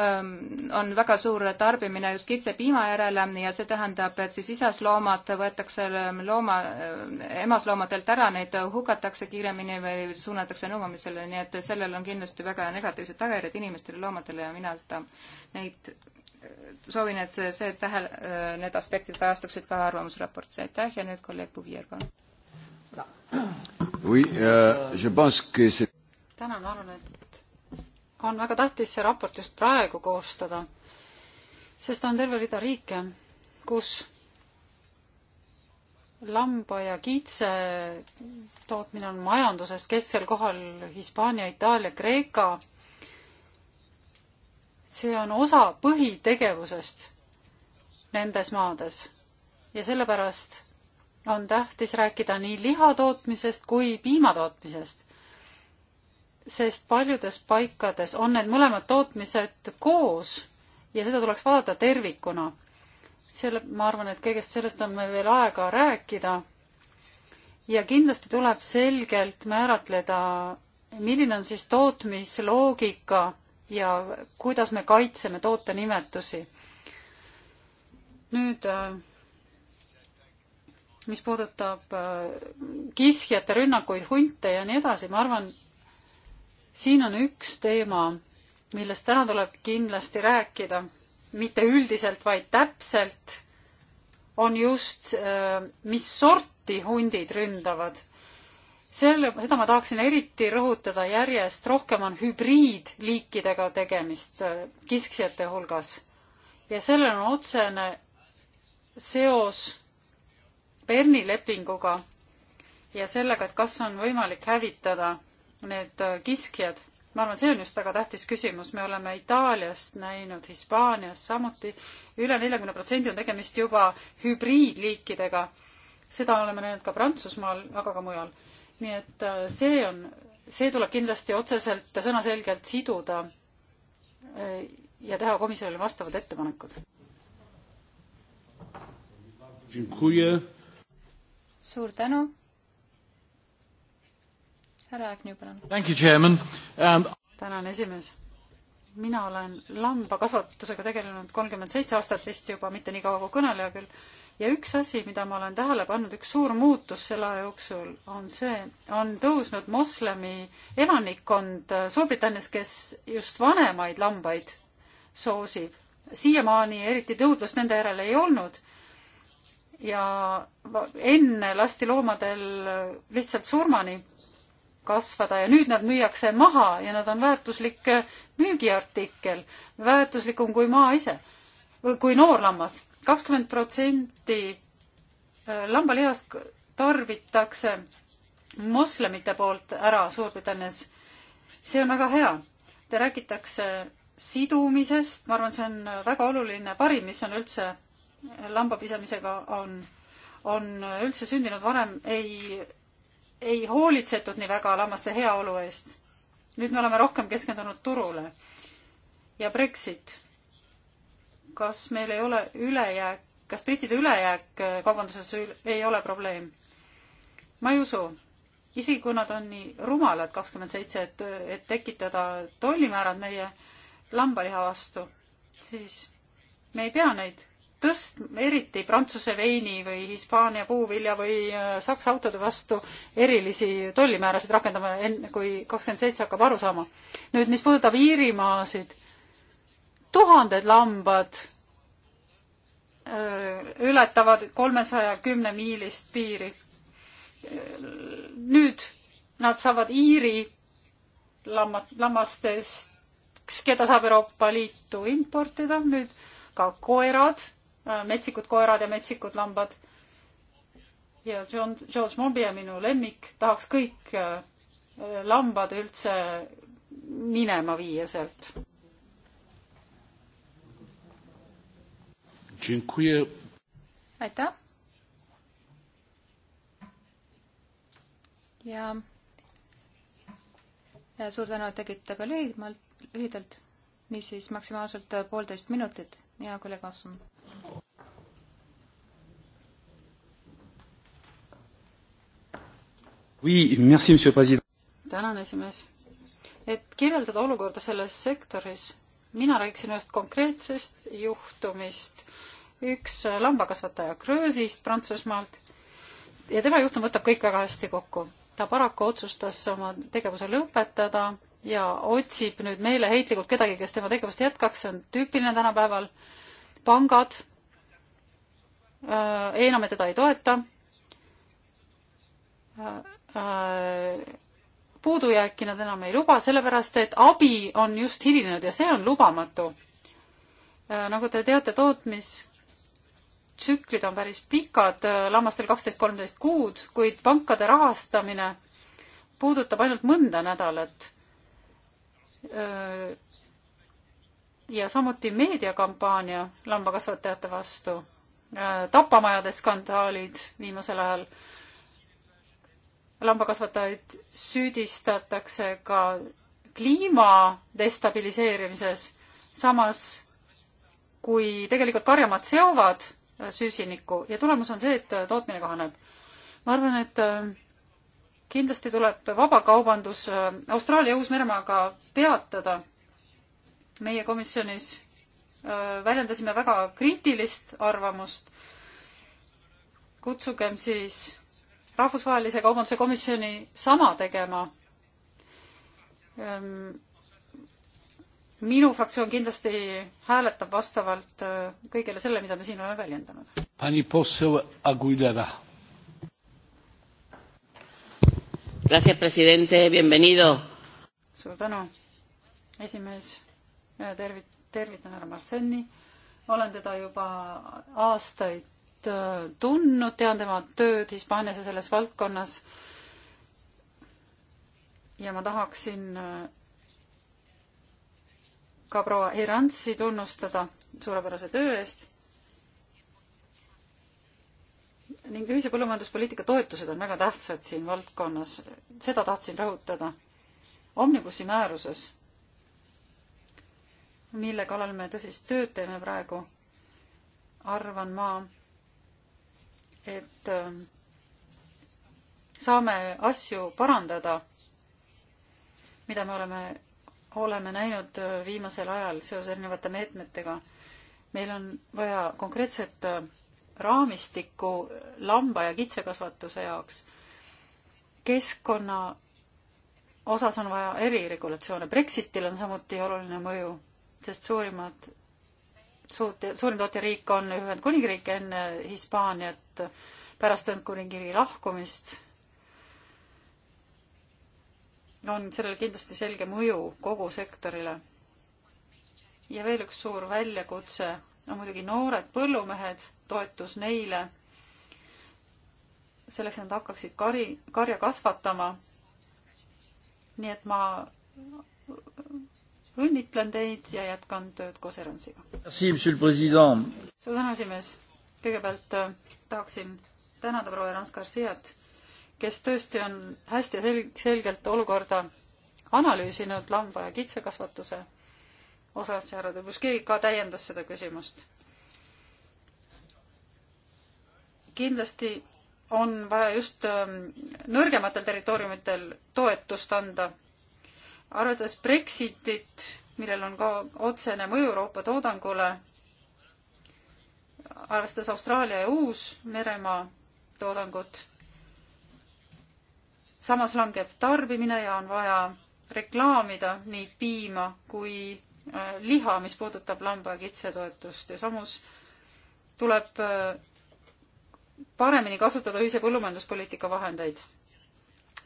Ähm, on väga suur tarbimine just kitsepiima järele ja see tähendab, et siis isasloomad võetakse looma, äh, emasloomadelt ära, neid hukatakse kiiremini või suunatakse nõuamisele, nii et sellel on kindlasti väga negatiivsed tagajärjed inimestele, loomadele ja mina seda, neid soovin, et see tähel, need aspektid kajastuksid ka arvamusraportis. aitäh ja nüüd kolleeg Puvier, palun.
Euh,
tänan, arvan, et on väga tähtis see raport just praegu koostada, sest on terve rida riike, kus lamba ja kiitse tootmine on majanduses kesksel kohal Hispaania, Itaalia, Kreeka. see on osa põhitegevusest nendes maades ja sellepärast on tähtis rääkida nii liha tootmisest kui piima tootmisest sest paljudes paikades on need mõlemad tootmised koos ja seda tuleks vaadata tervikuna. selle, ma arvan, et kõigest sellest on meil veel aega rääkida. ja kindlasti tuleb selgelt määratleda, milline on siis tootmisloogika ja kuidas me kaitseme toote nimetusi. nüüd äh, mis puudutab äh, kiskjate rünnakuid, hunte ja nii edasi, ma arvan, siin on üks teema, millest täna tuleb kindlasti rääkida, mitte üldiselt, vaid täpselt, on just, äh, mis sorti hundid ründavad. selle, seda ma tahaksin eriti rõhutada järjest, rohkem on hübriidliikidega tegemist äh, kisksijate hulgas. ja sellel on otsene seos Berni lepinguga ja sellega, et kas on võimalik hävitada need äh, kiskjad. ma arvan, see on just väga tähtis küsimus, me oleme Itaaliast näinud, Hispaanias samuti üle, üle neljakümne protsendi on tegemist juba hübriidliikidega. seda oleme näinud ka Prantsusmaal, aga ka mujal. nii et äh, see on, see tuleb kindlasti otseselt sõnaselgelt siduda äh, ja teha komisjonile vastavad ettepanekud. suur tänu härra Agnew,
palun. Um,
tänan, esimees. mina olen lambakasvatusega tegelenud kolmkümmend seitse aastat vist juba, mitte nii kaua kui kõneleja küll, ja üks asi, mida ma olen tähele pannud, üks suur muutus selle aja jooksul on see, on tõusnud moslemi elanikkond Suurbritannias, kes just vanemaid lambaid soosib. siiamaani eriti tõudlust nende järele ei olnud ja enne lasti loomadel lihtsalt surmani kasvada ja nüüd nad müüakse maha ja nad on väärtuslik müügiartikkel, väärtuslikum kui maa ise või kui noorlammas. kakskümmend protsenti äh, lambalihast tarbitakse moslemite poolt ära Suurbritannias. see on väga hea. Te räägitakse sidumisest, ma arvan, see on väga oluline, parim, mis on üldse äh, lambapisamisega, on, on üldse sündinud varem, ei ei hoolitsetud nii väga lammaste heaolu eest. nüüd me oleme rohkem keskendunud turule. ja Brexit. kas meil ei ole ülejääk, kas brittide ülejääk äh, kaubanduses ül ei ole probleem? ma ei usu. isegi kui nad on nii rumalad, kakskümmend seitse, et, et tekitada tollimäärad meie lambaliha vastu, siis me ei pea neid tõst-, eriti Prantsuse veini või Hispaania puuvilja või äh, Saksa autode vastu erilisi tollimäärasid rakendama, enne kui kakskümmend seitse hakkab aru saama. nüüd, mis puudutab Iirimaasid, tuhanded lambad äh, ületavad kolmesaja kümne miilist piiri. nüüd nad saavad Iiri lamma, lammastest, keda saab Euroopa Liitu importida, nüüd ka koerad Äh, metsikud koerad ja metsikud lambad. ja John, George Moby ja minu lemmik tahaks kõik äh, lambad üldse minema viia sealt.
aitäh. ja, ja suur tänu, et tegite ka lühidalt, lühidalt. niisiis maksimaalselt poolteist minutit, hea kolleeg Assun
tänan, esimees. et kirjeldada olukorda selles sektoris, mina rääkisin ühest konkreetsest juhtumist. üks lambakasvataja Kröösist Prantsusmaalt ja tema juhtum võtab kõik väga hästi kokku. ta paraku otsustas oma tegevuse lõpetada ja otsib nüüd meeleheitlikult kedagi, kes tema tegevust jätkaks, see on tüüpiline tänapäeval pangad äh, enam teda ei toeta. Äh, äh, puudujääki nad enam ei luba, sellepärast et abi on just hilinenud ja see on lubamatu. nagu te teate, tootmistsüklid on päris pikad, lammastel kaksteist, kolmteist kuud, kuid pankade rahastamine puudutab ainult mõnda nädalat ja samuti meediakampaania lambakasvatajate vastu, äh, tapamajade skandaalid viimasel ajal. lambakasvatajaid süüdistatakse ka kliima destabiliseerimises, samas kui tegelikult karjamaad seovad äh, süsinikku ja tulemus on see, et äh, tootmine kahaneb. ma arvan, et kindlasti tuleb vabakaubandus Austraalia ja Uus-Meremaaga peatada meie komisjonis äh, väljendasime väga kriitilist arvamust. kutsugem siis Rahvusvahelise Kaubanduse Komisjoni sama tegema. Ähm, minu fraktsioon kindlasti hääletab vastavalt äh, kõigele sellele, mida me siin oleme väljendanud.
Pani Posseu Aguilera. Gracias, presidente,
bienvenido. suur tänu, esimees tervit-, tervitan härra Marsenni, olen teda juba aastaid äh, tundnud, tean tema tööd Hispaanias ja selles valdkonnas. ja ma tahaksin äh, ka proua Herantsi tunnustada suurepärase töö eest. ning ühise põllumajanduspoliitika toetused on väga tähtsad siin valdkonnas, seda tahtsin rõhutada. Omnibussi määruses mille kallal me tõsist tööd teeme praegu, arvan ma, et äh, saame asju parandada, mida me oleme, oleme näinud äh, viimasel ajal seoses erinevate meetmetega. meil on vaja konkreetset äh, raamistikku lamba- ja kitsekasvatuse jaoks. keskkonna osas on vaja eriregulatsioone, Brexitil on samuti oluline mõju sest suurimad, suurim tootjariik on Ühendkuningriik enne Hispaaniat, pärast Ühendkuningriigi lahkumist on sellel kindlasti selge mõju kogu sektorile. ja veel üks suur väljakutse on muidugi noored põllumehed, toetus neile, selleks, et nad hakkaksid kari, karja kasvatama. nii et ma õnnitlen teid ja jätkan tööd koos Eransiga.
suur tänu,
esimees. kõigepealt äh, tahaksin tänada proua Erans Garciat, kes tõesti on hästi sel-, selgelt olukorda analüüsinud lamba- ja kitsekasvatuse osas ja härra Dubuski ka täiendas seda küsimust. kindlasti on vaja just ähm, nõrgematel territooriumitel toetust anda arvates Brexitit, millel on ka otsene mõju Euroopa toodangule, arvestades Austraalia ja Uus-Meremaa toodangut, samas langeb tarbimine ja on vaja reklaamida nii piima kui äh, liha, mis puudutab lamba- ja kitsetoetust ja samus tuleb äh, paremini kasutada ühise põllumajanduspoliitika vahendeid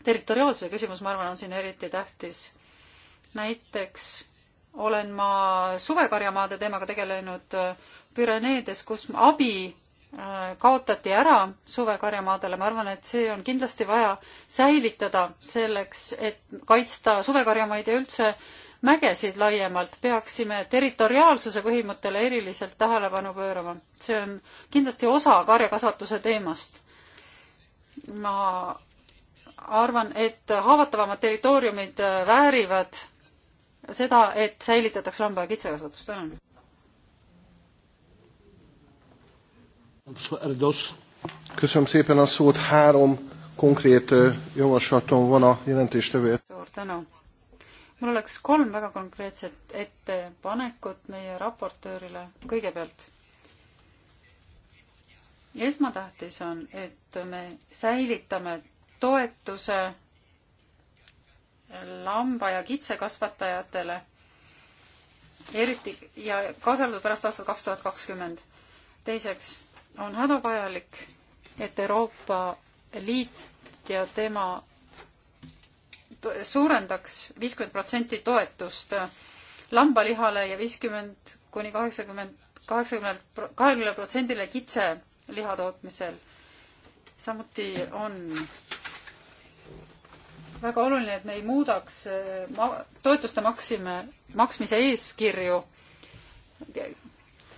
territoriaalsuse küsimus, ma arvan, on siin eriti tähtis näiteks olen ma suvekarjamaade teemaga tegelenud äh, Püreneedes, kus abi äh, kaotati ära suvekarjamaadele, ma arvan, et see on kindlasti vaja säilitada selleks, et kaitsta suvekarjamaid ja üldse mägesid laiemalt, peaksime territoriaalsuse põhimõttele eriliselt tähelepanu pöörama. see on kindlasti osa karjakasvatuse teemast. ma arvan, et haavatavamad territooriumid äh, väärivad seda, et säilitatakse lamba- ja kitsekasvatus, tänan.
Köszönöm szépen a szót, három konkrét javaslatom van a jelentéstevő.
Suur tänu. mul oleks kolm väga konkreetset ettepanekut meie raportöörile kõigepealt. esmatähtis on, et me säilitame toetuse lamba- ja kitsekasvatajatele, eriti ja kaasa arvatud pärast aastat kaks tuhat kakskümmend. teiseks on hädavajalik, et Euroopa Liit ja tema suurendaks viiskümmend protsenti toetust lambalihale ja viiskümmend kuni kaheksakümmend, kaheksakümnelt, kahekümnele protsendile kitseliha tootmisel. samuti on väga oluline, et me ei muudaks äh, ma-, toetuste maksime, maksmise eeskirju.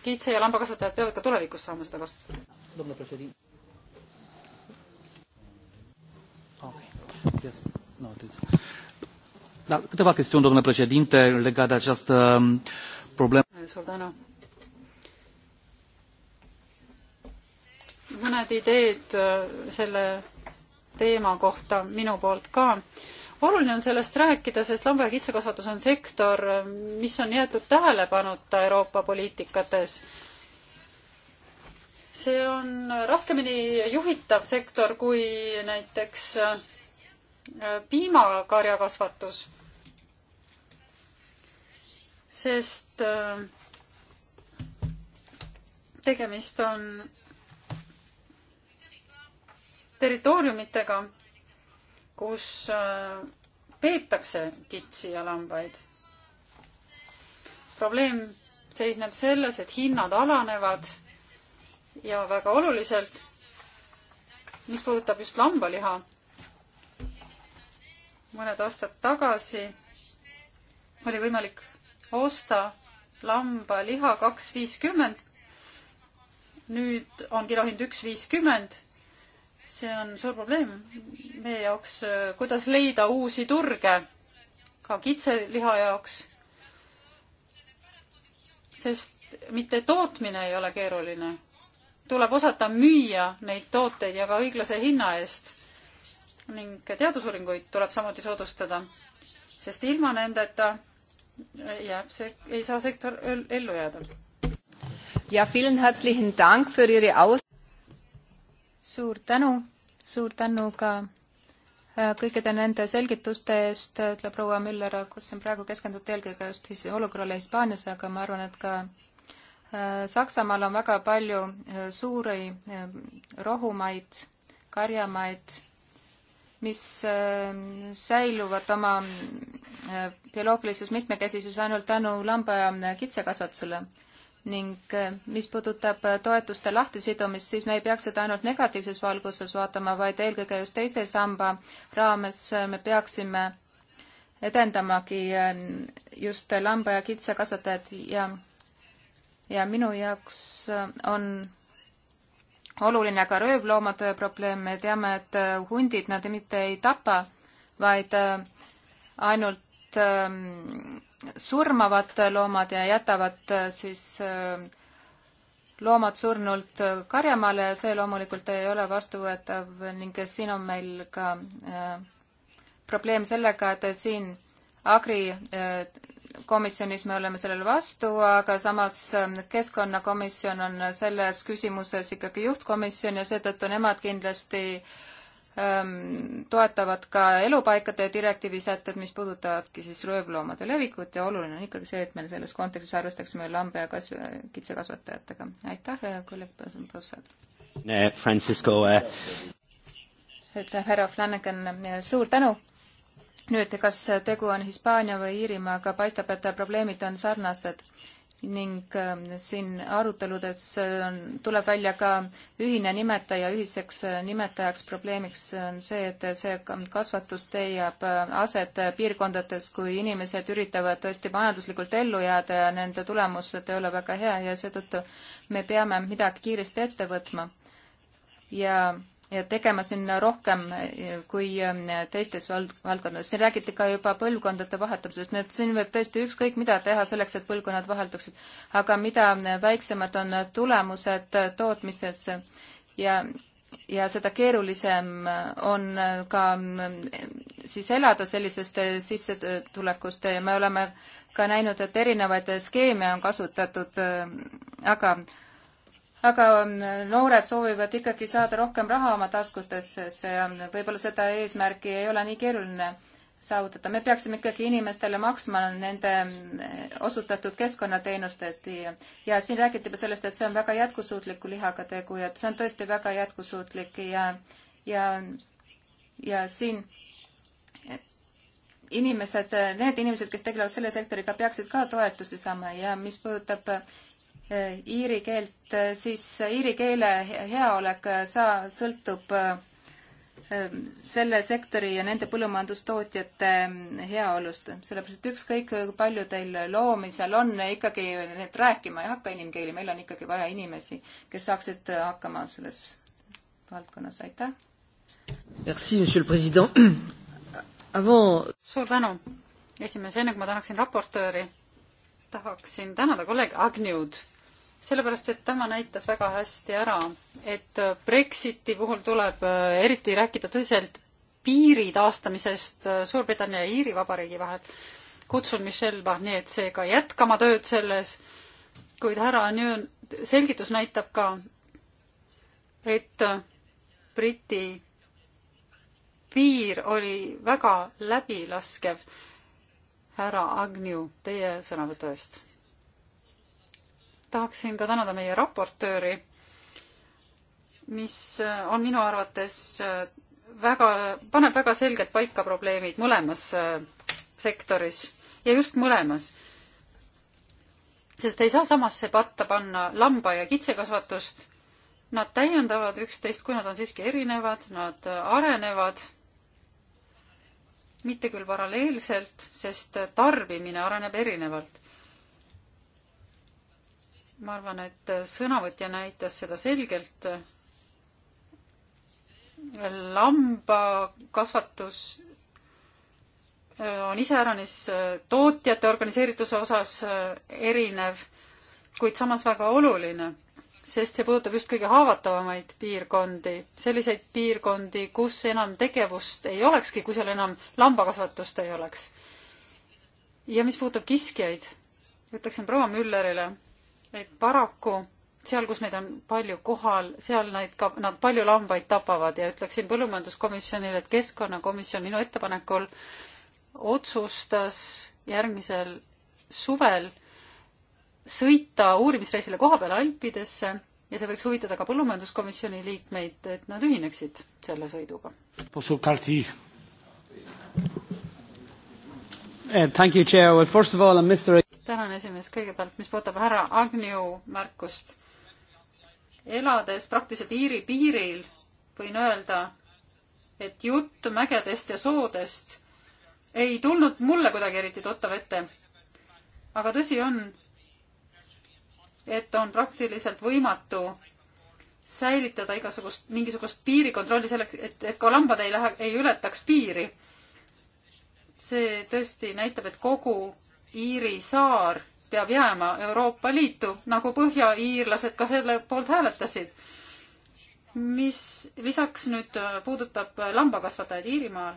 kitse- ja lambakasvatajad peavad ka tulevikus saama seda kasutada.
Da, câteva chestiuni, domnule președinte, legate de această um, problemă.
Suur tänu. Mõned ideed äh, selle teema kohta minu poolt ka. oluline on sellest rääkida, sest lamba- ja kitsekasvatus on sektor, mis on jäetud tähelepanuta Euroopa poliitikates. see on raskemini juhitav sektor kui näiteks äh, piimakarjakasvatus, sest äh, tegemist on territooriumitega, kus äh, peetakse kitsi ja lambaid. probleem seisneb selles, et hinnad alanevad ja väga oluliselt, mis puudutab just lambaliha, mõned aastad tagasi oli võimalik osta lambaliha kaks viiskümmend, nüüd on kilohind üks viiskümmend see on suur probleem meie jaoks, kuidas leida uusi turge ka kitseliha jaoks. sest mitte tootmine ei ole keeruline, tuleb osata müüa neid tooteid ja ka õiglase hinna eest. ning teadusuuringuid tuleb samuti soodustada, sest ilma nendeta jääb see, ei saa sektor ellu jääda.
Ja, vielen herzlichen Dank für Ihre Aus- suur tänu, suur tänu ka äh, kõikide nende selgituste eest, ütleb proua Müller, kus on praegu keskendutud eelkõige just olukorrale Hispaanias, aga ma arvan, et ka äh, Saksamaal on väga palju äh, suuri rohumaid, karjamaid, mis säiluvad oma bioloogilises mitmekesisus ainult tänu lamba- ja kitsekasvatusele ning eh, mis puudutab eh, toetuste lahtisidumist, siis me ei peaks seda ainult negatiivses valguses vaatama, vaid eelkõige just teise samba raames eh, me peaksime edendamagi just lamba- ja kitsekasvatajad ja, ja minu jaoks on oluline ka röövloomade probleem, me teame, et hundid nad mitte ei tapa, vaid ainult ehm, surmavad loomad ja jätavad äh, siis äh, loomad surnult äh, karjamaale ja see loomulikult ei ole vastuvõetav ning siin on meil ka probleem sellega, et siin Agri komisjonis me oleme sellele vastu, aga samas keskkonnakomisjon on selles küsimuses ikkagi juhtkomisjon ja seetõttu nemad kindlasti äh, Ähm, toetavad ka elupaikade direktiivi sätted, mis puudutavadki siis röövloomade levikut ja oluline on ikkagi see, et me selles kontekstis arvestaksime lambe- ja kasv-, kitsekasvatajatega. aitäh, kolleeg Põssad!
Francisco ütleb
eh. eh, härra Flanagan, eh, suur tänu! nüüd, kas tegu on Hispaania või Iirimaaga, paistab, et probleemid on sarnased ning ähm, siin aruteludes on, ähm, tuleb välja ka ühine nimetaja, ühiseks äh, nimetajaks probleemiks on see, et see kasvatus leiab äh, aset piirkondades, kui inimesed üritavad tõesti majanduslikult ellu jääda ja nende tulemused ei ole väga hea ja seetõttu me peame midagi kiiresti ette võtma. ja tegema siin rohkem eh, kui eh, teistes vald-, valdkondades. siin räägiti ka juba põlvkondade vahetamisest, nii et siin võib tõesti ükskõik mida teha selleks, et põlvkonnad vahelduksid. aga mida eh, väiksemad on tulemused tootmises ja, ja seda keerulisem on ka siis elada sellisest sissetulekust ja me oleme ka näinud, et erinevaid skeeme on kasutatud, aga aga mm, noored soovivad ikkagi saada rohkem raha oma taskutesse, see on, mm, võib-olla seda eesmärki ei ole nii keeruline saavutada. me peaksime ikkagi inimestele maksma nende mm, osutatud keskkonnateenustest ja, ja siin räägiti juba sellest, et see on väga jätkusuutliku lihaga tegu ja see on tõesti väga jätkusuutlik ja, ja, ja siin inimesed, need inimesed, kes tegelevad selle sektoriga, peaksid ka toetusi saama ja mis puudutab iiri keelt, siis iiri keele heaolek äh, saa-, sõltub äh, selle sektori ja nende põllumajandustootjate mm, heaolust, sellepärast et ükskõik, kui palju teil loomi seal on, ikkagi need rääkima ei hakka inimkeeli, meil on ikkagi vaja inimesi, kes saaksid hakkama selles
valdkonnas, aitäh!
Merci, monsieur le president [clears throat] Avant....
suur tänu! esimees, enne kui ma tahaksin raportööri, tahaksin tänada kolleeg Agnew'd sellepärast, et tema näitas väga hästi ära, et Brexiti puhul tuleb äh, eriti rääkida tõsiselt piiri taastamisest äh, Suurbritannia ja Iiri Vabariigi vahel. kutsun Michel Barnier'd seega jätkama tööd selles, kuid härra Anjõn selgitus näitab ka, et äh, Briti piir oli väga läbilaskev. härra Agnew, teie sõnavõtu eest tahaksin ka tänada meie raportööri, mis äh, on minu arvates äh, väga, paneb väga selgelt paika probleemid mõlemas äh, sektoris ja just mõlemas. sest ei saa samasse patta panna lamba- ja kitsekasvatust. Nad täiendavad üksteist, kui nad on siiski erinevad, nad arenevad, mitte küll paralleelselt, sest tarbimine areneb erinevalt ma arvan, et sõnavõtja näitas seda selgelt. lambakasvatus on iseäranis tootjate organiseerituse osas erinev, kuid samas väga oluline, sest see puudutab just kõige haavatavamaid piirkondi, selliseid piirkondi, kus enam tegevust ei olekski, kui seal enam lambakasvatust ei oleks. ja mis puudutab kiskjaid, ütleksin proua Müllerile et paraku seal, kus neid on palju kohal, seal neid ka, nad palju lambaid tapavad ja ütleksin põllumajanduskomisjonile, et keskkonnakomisjon minu ettepanekul otsustas järgmisel suvel sõita uurimisreisile koha peale Alpidesse ja see võiks huvitada ka põllumajanduskomisjoni liikmeid, et nad ühineksid selle sõiduga. Eh, thank you, Chair. Well, first of all, I'm Mr tänan, esimees, kõigepealt, mis puudutab härra Agnew märkust. elades praktiliselt Iiri piiril, võin öelda, et jutt mägedest ja soodest ei tulnud mulle kuidagi eriti tuttav ette. aga tõsi on, et on praktiliselt võimatu säilitada igasugust, mingisugust piirikontrolli selleks, et, et ka lambad ei lähe, ei ületaks piiri. see tõesti näitab, et kogu Iiri saar peab jääma Euroopa Liitu, nagu põhjaiirlased ka selle poolt hääletasid. mis lisaks nüüd äh, puudutab äh, lambakasvatajaid Iirimaal,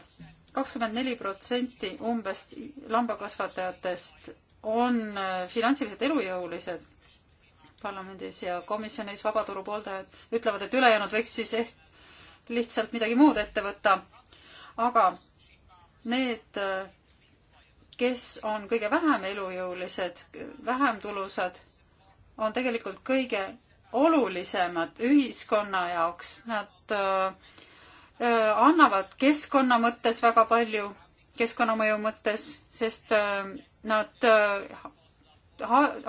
kakskümmend neli protsenti umbes lambakasvatajatest on äh, finantsiliselt elujõulised parlamendis ja komisjonis vabaturu pooldajad ütlevad, et ülejäänud võiks siis ehk lihtsalt midagi muud ette võtta. aga need kes on kõige vähem elujõulised, vähem tulusad, on tegelikult kõige olulisemad ühiskonna jaoks. Nad öö, äh, äh, annavad keskkonna mõttes väga palju, keskkonnamõju mõttes, sest öö, äh, nad öö,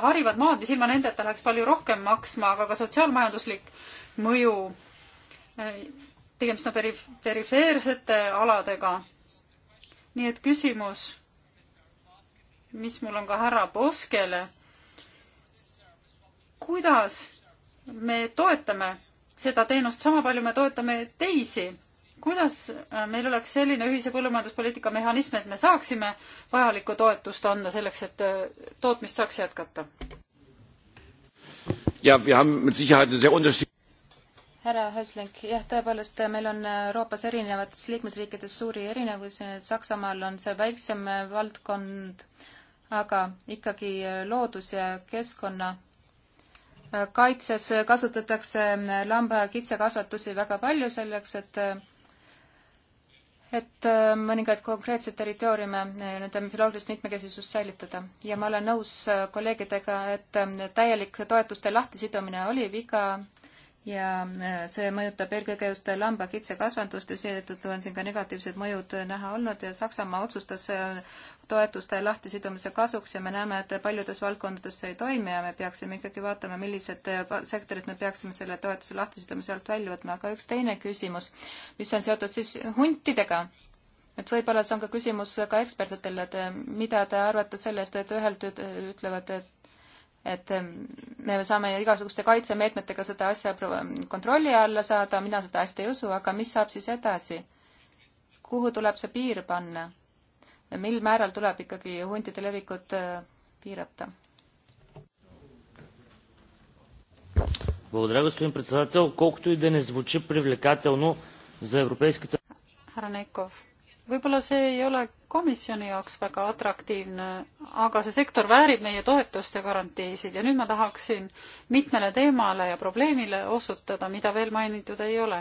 harivad maad, mis ilma nendeta läheks palju rohkem maksma, aga ka sotsiaalmajanduslik mõju. tegemist on perif-, perifeersete aladega. nii et küsimus mis mul on ka härra Boskele. kuidas me toetame seda teenust, sama palju me toetame teisi. kuidas äh, meil oleks selline ühise põllumajanduspoliitika mehhanism, et me saaksime vajalikku toetust anda selleks, et äh, tootmist saaks jätkata? härra Hösling,
jah, tõepoolest, äh, meil on Euroopas erinevates liikmesriikides suuri erinevusi, Saksamaal on see väiksem valdkond aga ikkagi äh, loodus- ja keskkonna äh, kaitses äh, kasutatakse mm, lamba- ja kitsekasvatusi väga palju selleks, et et mõningaid konkreetseid territooriume, nende bioloogilist mitmekesisust säilitada. ja ma olen nõus kolleegidega, et täielik toetuste lahtisidumine oli viga, ja äh, see mõjutab eelkõige just lambakitsekasvandust ja seetõttu on siin ka negatiivsed mõjud äh, näha olnud ja Saksamaa otsustas äh, toetuste lahtisidumise kasuks ja me näeme, et paljudes valdkondades see ei toimi ja me peaksime ikkagi vaatama, millised sektorid me peaksime selle toetuse lahtisidumise alt välja võtma, aga üks teine küsimus, mis on seotud siis huntidega et võib-olla see on ka küsimus ka ekspertidele, et mida te arvate sellest, et ühelt ütlevad, et et me saame igasuguste kaitsemeetmetega seda asja kontrolli alla saada, mina seda hästi ei usu, aga mis saab siis edasi? kuhu tuleb see piir panna? mil määral tuleb ikkagi huntide levikut eh, piirata?
Благодаря, господин председател. Колкото и да не звучи привлекателно за европейските...
Хранеков võib-olla see ei ole komisjoni jaoks väga atraktiivne, aga see sektor väärib meie toetust ja garantiisid ja nüüd ma tahaksin mitmele teemale ja probleemile osutada, mida veel mainitud ei ole.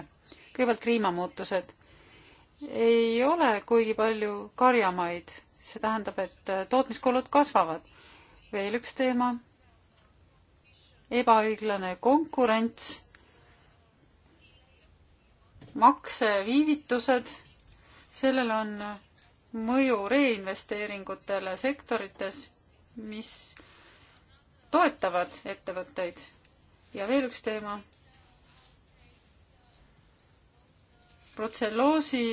kõigepealt kliimamuutused. ei ole kuigi palju karjamaid, see tähendab, et tootmiskulud kasvavad. veel üks teema, ebaõiglane konkurents, makseviivitused sellel on mõju reinvesteeringutele sektorites, mis toetavad ettevõtteid. ja veel üks teema. protselloosi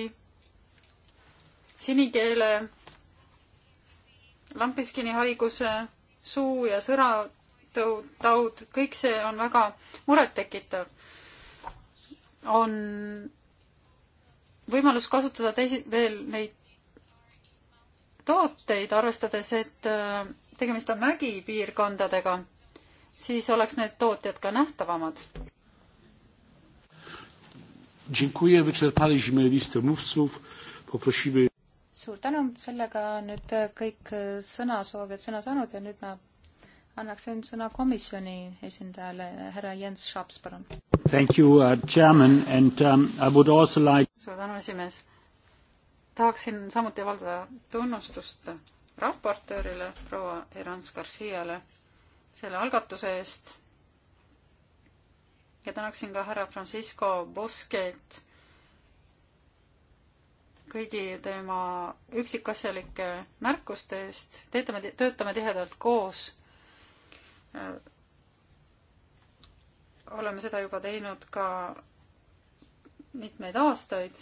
sinikeele, lampiskini haiguse, suu- ja sõrataud, kõik see on väga murettekitav. on võimalus kasutada teisi, veel neid tooteid, arvestades, et äh, tegemist on mägipiirkondadega, siis oleks need tootjad ka nähtavamad. suur tänu,
sellega on nüüd kõik sõnasoovijad sõna saanud ja nüüd ma annaksin sõna komisjoni esindajale, härra Jens Schaps, palun.
Thank you uh,, chairman and um, I would also like
suur tänu, esimees. tahaksin samuti avaldada tunnustust raportöörile, proua Erans Garciale selle algatuse eest ja tänaksin ka härra Francisco Bosquet kõigi tema üksikasjalike märkuste eest. töötame, töötame tihedalt koos Äh, oleme seda juba teinud ka mitmeid aastaid.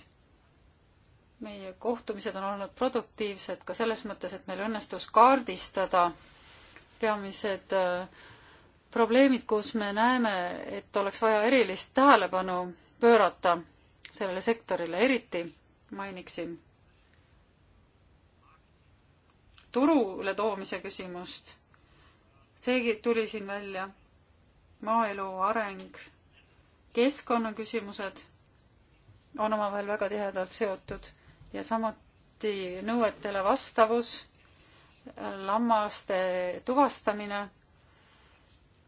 meie kohtumised on olnud produktiivsed ka selles mõttes, et meil õnnestus kaardistada peamised äh, probleemid, kus me näeme, et oleks vaja erilist tähelepanu pöörata sellele sektorile, eriti mainiksin turule toomise küsimust seegi tuli siin välja. maaelu areng, keskkonnaküsimused on omavahel väga tihedalt seotud ja samuti nõuetele vastavus, lammaste tuvastamine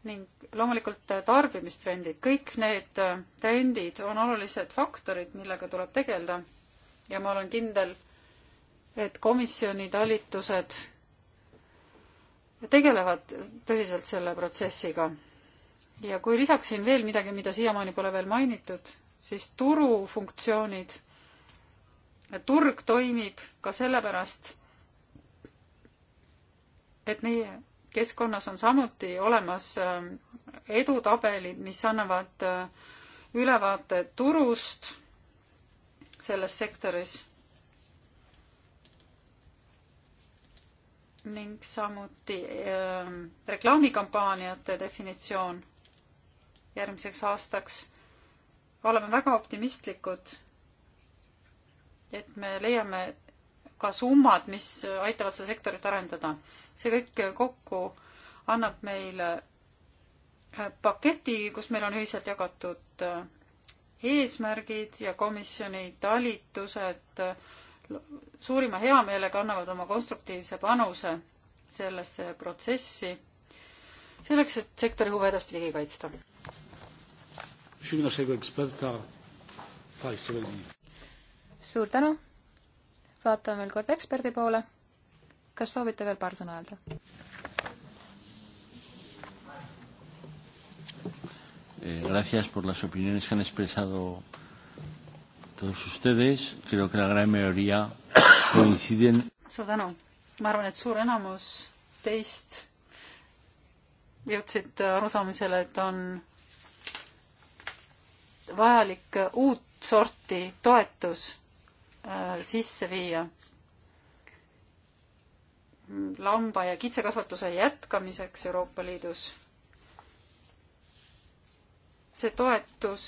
ning loomulikult tarbimistrendid, kõik need trendid on olulised faktorid, millega tuleb tegeleda. ja ma olen kindel, et komisjoni talitused tegelevad tõsiselt selle protsessiga. ja kui lisaksin veel midagi, mida siiamaani pole veel mainitud, siis turufunktsioonid. turg toimib ka sellepärast, et meie keskkonnas on samuti olemas äh, edutabelid, mis annavad äh, ülevaate turust selles sektoris ning samuti äh, reklaamikampaaniate definitsioon järgmiseks aastaks. oleme väga optimistlikud, et me leiame ka summad, mis aitavad seda sektorit arendada. see kõik kokku annab meile äh, paketi, kus meil on ühiselt jagatud äh, eesmärgid ja komisjoni talitused äh, suurima heameelega annavad oma konstruktiivse panuse sellesse protsessi, selleks, et sektori huve edaspidigi kaitsta.
suur tänu. vaatame veel kord eksperdi poole. kas soovite veel paar sõna öelda?
Eh, gracias por las opiniones que han expresado todos ustedes, creo que la gran mayoría [coughs] coinciden.
suur tänu, ma arvan, et suur enamus teist jõudsid arusaamisele, et on vajalik uut sorti toetus äh, sisse viia lamba- ja kitsekasvatuse jätkamiseks Euroopa Liidus. see toetus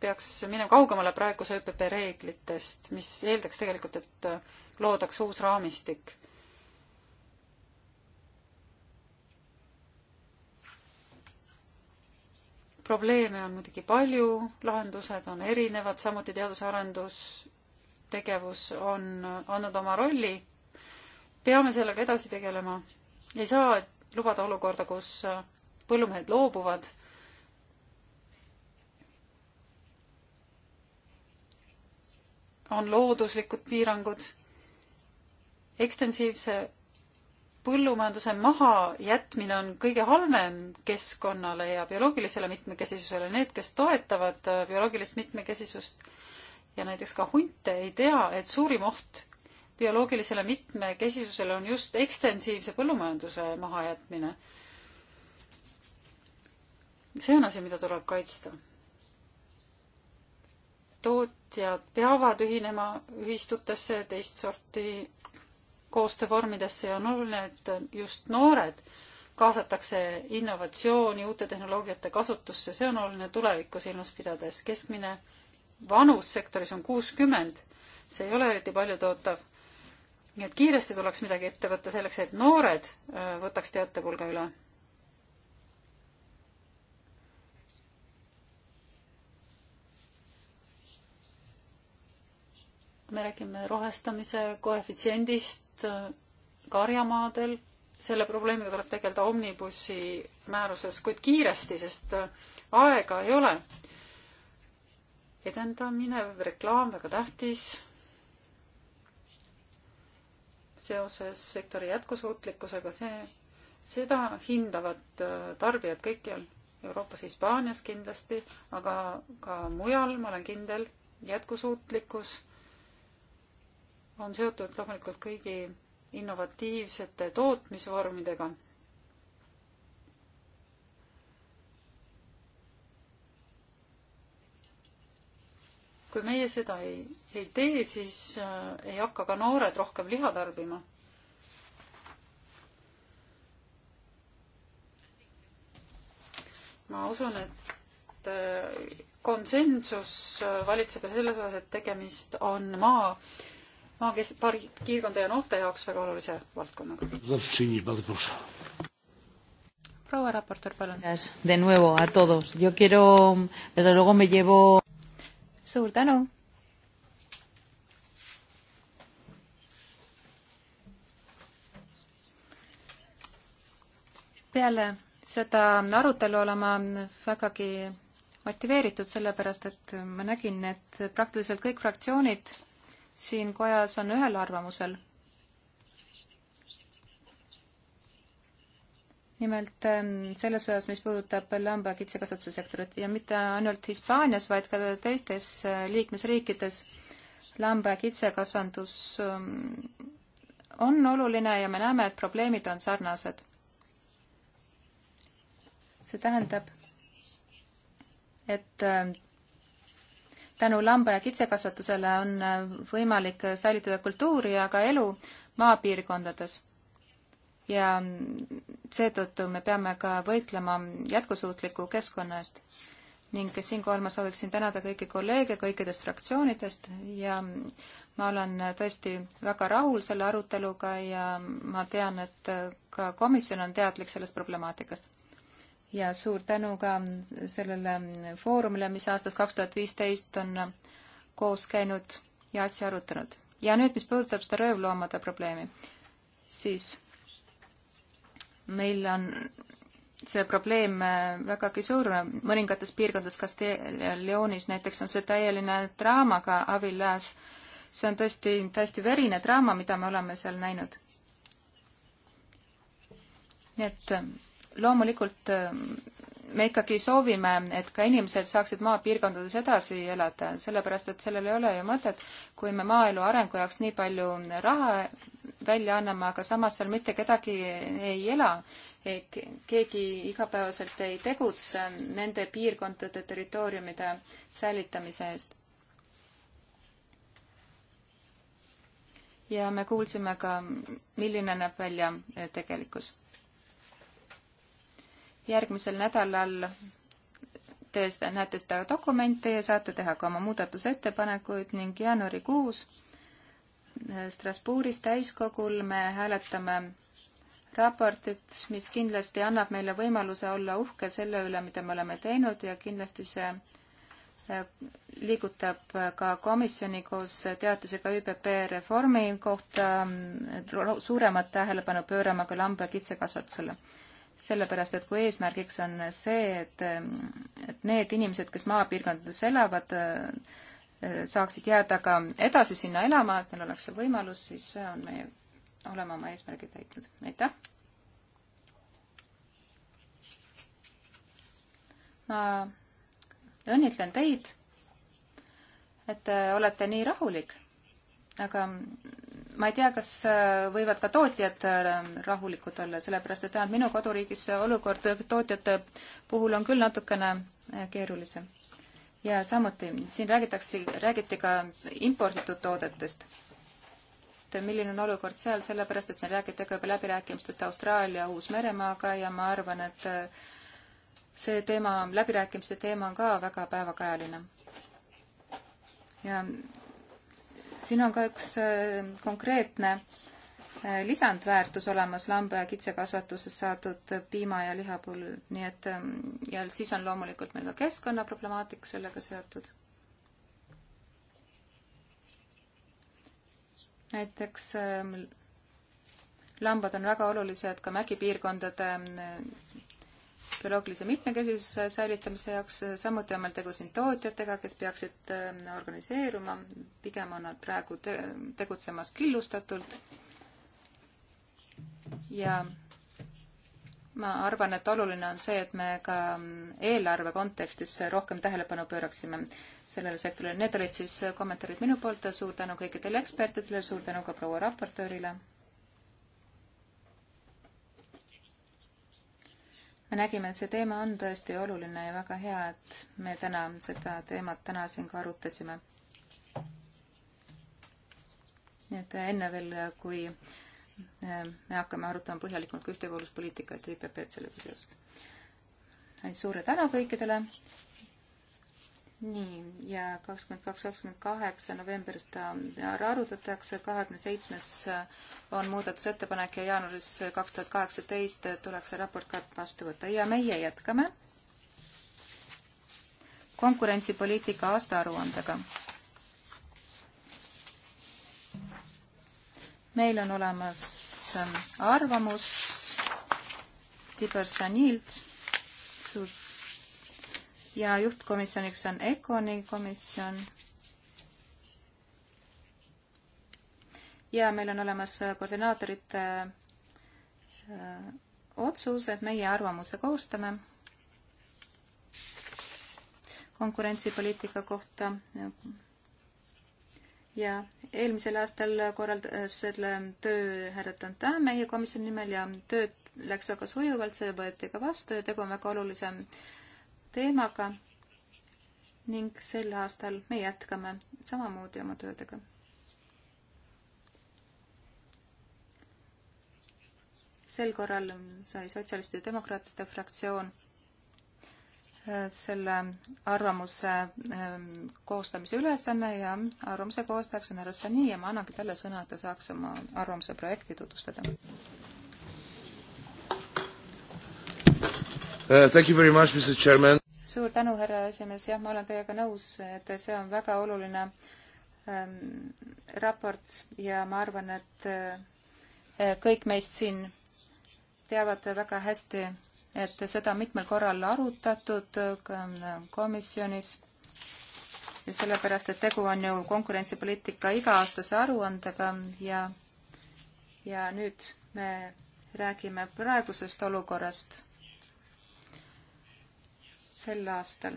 peaks minema kaugemale praeguse ÜPP reeglitest, mis eeldaks tegelikult, et äh, loodaks uus raamistik. probleeme on muidugi palju, lahendused on erinevad, samuti teadus- ja arendustegevus on äh, andnud oma rolli. peame sellega edasi tegelema. ei saa lubada olukorda, kus äh, põllumehed loobuvad on looduslikud piirangud, ekstensiivse põllumajanduse mahajätmine on kõige halvem keskkonnale ja bioloogilisele mitmekesisusele. Need, kes toetavad bioloogilist mitmekesisust ja näiteks ka hunte, ei tea, et suurim oht bioloogilisele mitmekesisusele on just ekstensiivse põllumajanduse mahajätmine. see on asi, mida tuleb kaitsta tootjad peavad ühinema ühistutesse teist sorti koostöövormidesse ja on oluline, et just noored kaasatakse innovatsiooni, uute tehnoloogiate kasutusse, see on oluline tulevikku silmas pidades. keskmine vanus sektoris on kuuskümmend, see ei ole eriti paljutootav. nii et kiiresti tuleks midagi ette võtta selleks, et noored äh, võtaks teatepulga üle me räägime rohestamise koefitsiendist äh, karjamaadel, selle probleemiga tuleb tegeleda omnibussi määruses, kuid kiiresti, sest äh, aega ei ole. edendamine, reklaam väga tähtis seoses sektori jätkusuutlikkusega, see, seda hindavad äh, tarbijad kõikjal Euroopas, Hispaanias kindlasti, aga ka mujal, ma olen kindel, jätkusuutlikkus on seotud loomulikult kõigi innovatiivsete tootmisvormidega. kui meie seda ei, ei tee, siis äh, ei hakka ka noored rohkem liha tarbima ma usun, et äh, konsensus äh, valitseb selles osas, et tegemist on maa maakes-, piirkonda ja noorte jaoks väga olulise valdkonnaga. proua raportöör, palun.
suur tänu peale seda arutelu olema vägagi motiveeritud, sellepärast et ma nägin, et praktiliselt kõik fraktsioonid siin kojas on ühel arvamusel. nimelt ähm, selles osas, mis puudutab lamba- ja kitsekasvatussektorit ja mitte ainult Hispaanias, vaid ka teistes äh, liikmesriikides lamba- ja kitsekasvandus ähm, on oluline ja me näeme, et probleemid on sarnased. see tähendab, et ähm, tänu lamba- ja kitsekasvatusele on äh, võimalik äh, säilitada kultuuri ja ka elu maapiirkondades. ja mm, seetõttu me peame ka võitlema jätkusuutliku keskkonna eest. ning siinkohal ma sooviksin tänada kõiki kolleege kõikidest fraktsioonidest ja mm, ma olen äh, tõesti väga rahul selle aruteluga ja mm, ma tean, et ka komisjon on teadlik sellest problemaatikast ja suur tänu ka sellele foorumile, mis aastast kaks tuhat viisteist on koos käinud ja asja arutanud. ja nüüd, mis puudutab seda röövloomade probleemi, siis meil on see probleem vägagi suur, mõningates piirkondades, kas Leonis näiteks on see täieline draama ka Avilas, see on tõesti täiesti verine draama, mida me oleme seal näinud. nii et loomulikult ähm, me ikkagi soovime, et ka inimesed saaksid maapiirkondades edasi elada, sellepärast et sellel ei ole ju mõtet, kui me maaelu arengu jaoks nii palju raha välja anname, aga samas seal mitte kedagi ei ela, keegi igapäevaselt ei tegutse nende piirkondade territooriumide säilitamise eest. ja me kuulsime ka, milline näeb välja eh, tegelikkus järgmisel nädalal te näete seda dokumenti ja saate teha ka oma muudatusettepanekuid ning jaanuarikuus Strasbourgis täiskogul me hääletame raportit, mis kindlasti annab meile võimaluse olla uhke selle üle, mida me oleme teinud ja kindlasti see eh, liigutab ka komisjoni koos teatisega ÜPP reformi kohta mm, suuremat tähelepanu pöörama ka lamba- ja kitsekasvatusele sellepärast et kui eesmärgiks on see, et, et need inimesed, kes maapiirkondades elavad, saaksid jääda ka edasi sinna elama, et neil oleks see võimalus, siis on meie, oleme oma eesmärgi täitnud. aitäh! ma õnnitlen teid, et olete nii rahulik, aga ma ei tea, kas äh, võivad ka tootjad äh, rahulikud olla, sellepärast et vähemalt minu koduriigis see olukord tootjate puhul on küll natukene äh, keerulisem. ja samuti siin räägitakse, räägiti ka imporditud toodetest. et milline on olukord seal, sellepärast et siin räägiti ka juba läbirääkimistest Austraalia, Uus-Meremaaga ja ma arvan, et see teema, läbirääkimiste teema on ka väga päevakajaline ja siin on ka üks äh, konkreetne äh, lisandväärtus olemas lamba- ja kitsekasvatuses saadud äh, piima ja liha puhul, nii et ähm, ja siis on loomulikult meil ka keskkonnaproblemaatika sellega seotud. näiteks ähm, lambad on väga olulised ka mägipiirkondade bioloogilise mitmekesisuse säilitamise jaoks, samuti on meil tegu siin tootjatega, kes peaksid ähm, organiseeruma, pigem on nad praegu te tegutsemas killustatult. ja ma arvan, et oluline on see, et me ka ähm, eelarve kontekstis rohkem tähelepanu pööraksime sellele sektorile. Need olid siis kommentaarid minu poolt, suur tänu kõikidele ekspertidele, suur tänu ka proua raportöörile me nägime, et see teema on tõesti oluline ja väga hea, et me täna seda teemat täna siin ka arutasime. nii et enne veel, kui eh, me hakkame arutama põhjalikult ka ühtekuuluvuspoliitikat ja IPP-d sellega seoses. suure tänu kõikidele nii, ja kakskümmend kaks, kakskümmend kaheksa novembris ta arutatakse, kahekümne seitsmes äh, on muudatusettepanek ja jaanuaris kaks tuhat kaheksateist tuleks see raport ka vastu võtta ja meie jätkame konkurentsipoliitika aastaaruandega. meil on olemas äh, arvamus Tibor Sanilt ja juhtkomisjoniks on ECONi komisjon. ja meil on olemas äh, koordinaatorite äh, otsus, et meie arvamuse koostame konkurentsipoliitika kohta. ja eelmisel aastal korraldas selle töö härra Tantan meie komisjoni nimel ja tööd läks väga sujuvalt, see võeti ka vastu ja tegu on väga olulise teemaga ning sel aastal me jätkame samamoodi oma töödega. sel korral sai Sotsialistide Demokraatide fraktsioon äh, selle arvamuse ähm, koostamise ülesanne ja arvamuse koostajaks on härra Sani ja ma annangi talle sõna, et ta saaks oma arvamuse projekti tutvustada.
Uh, thank you very much, Mr Chairman.
suur tänu, härra esimees, jah, ma olen teiega nõus, et see on väga oluline ähm, raport ja ma arvan, et äh, kõik meist siin teavad väga hästi, et seda on mitmel korral arutatud ähm, komisjonis ja sellepärast, et tegu on ju konkurentsipoliitika iga-aastase aruandega ja, ja nüüd me räägime praegusest olukorrast sel aastal.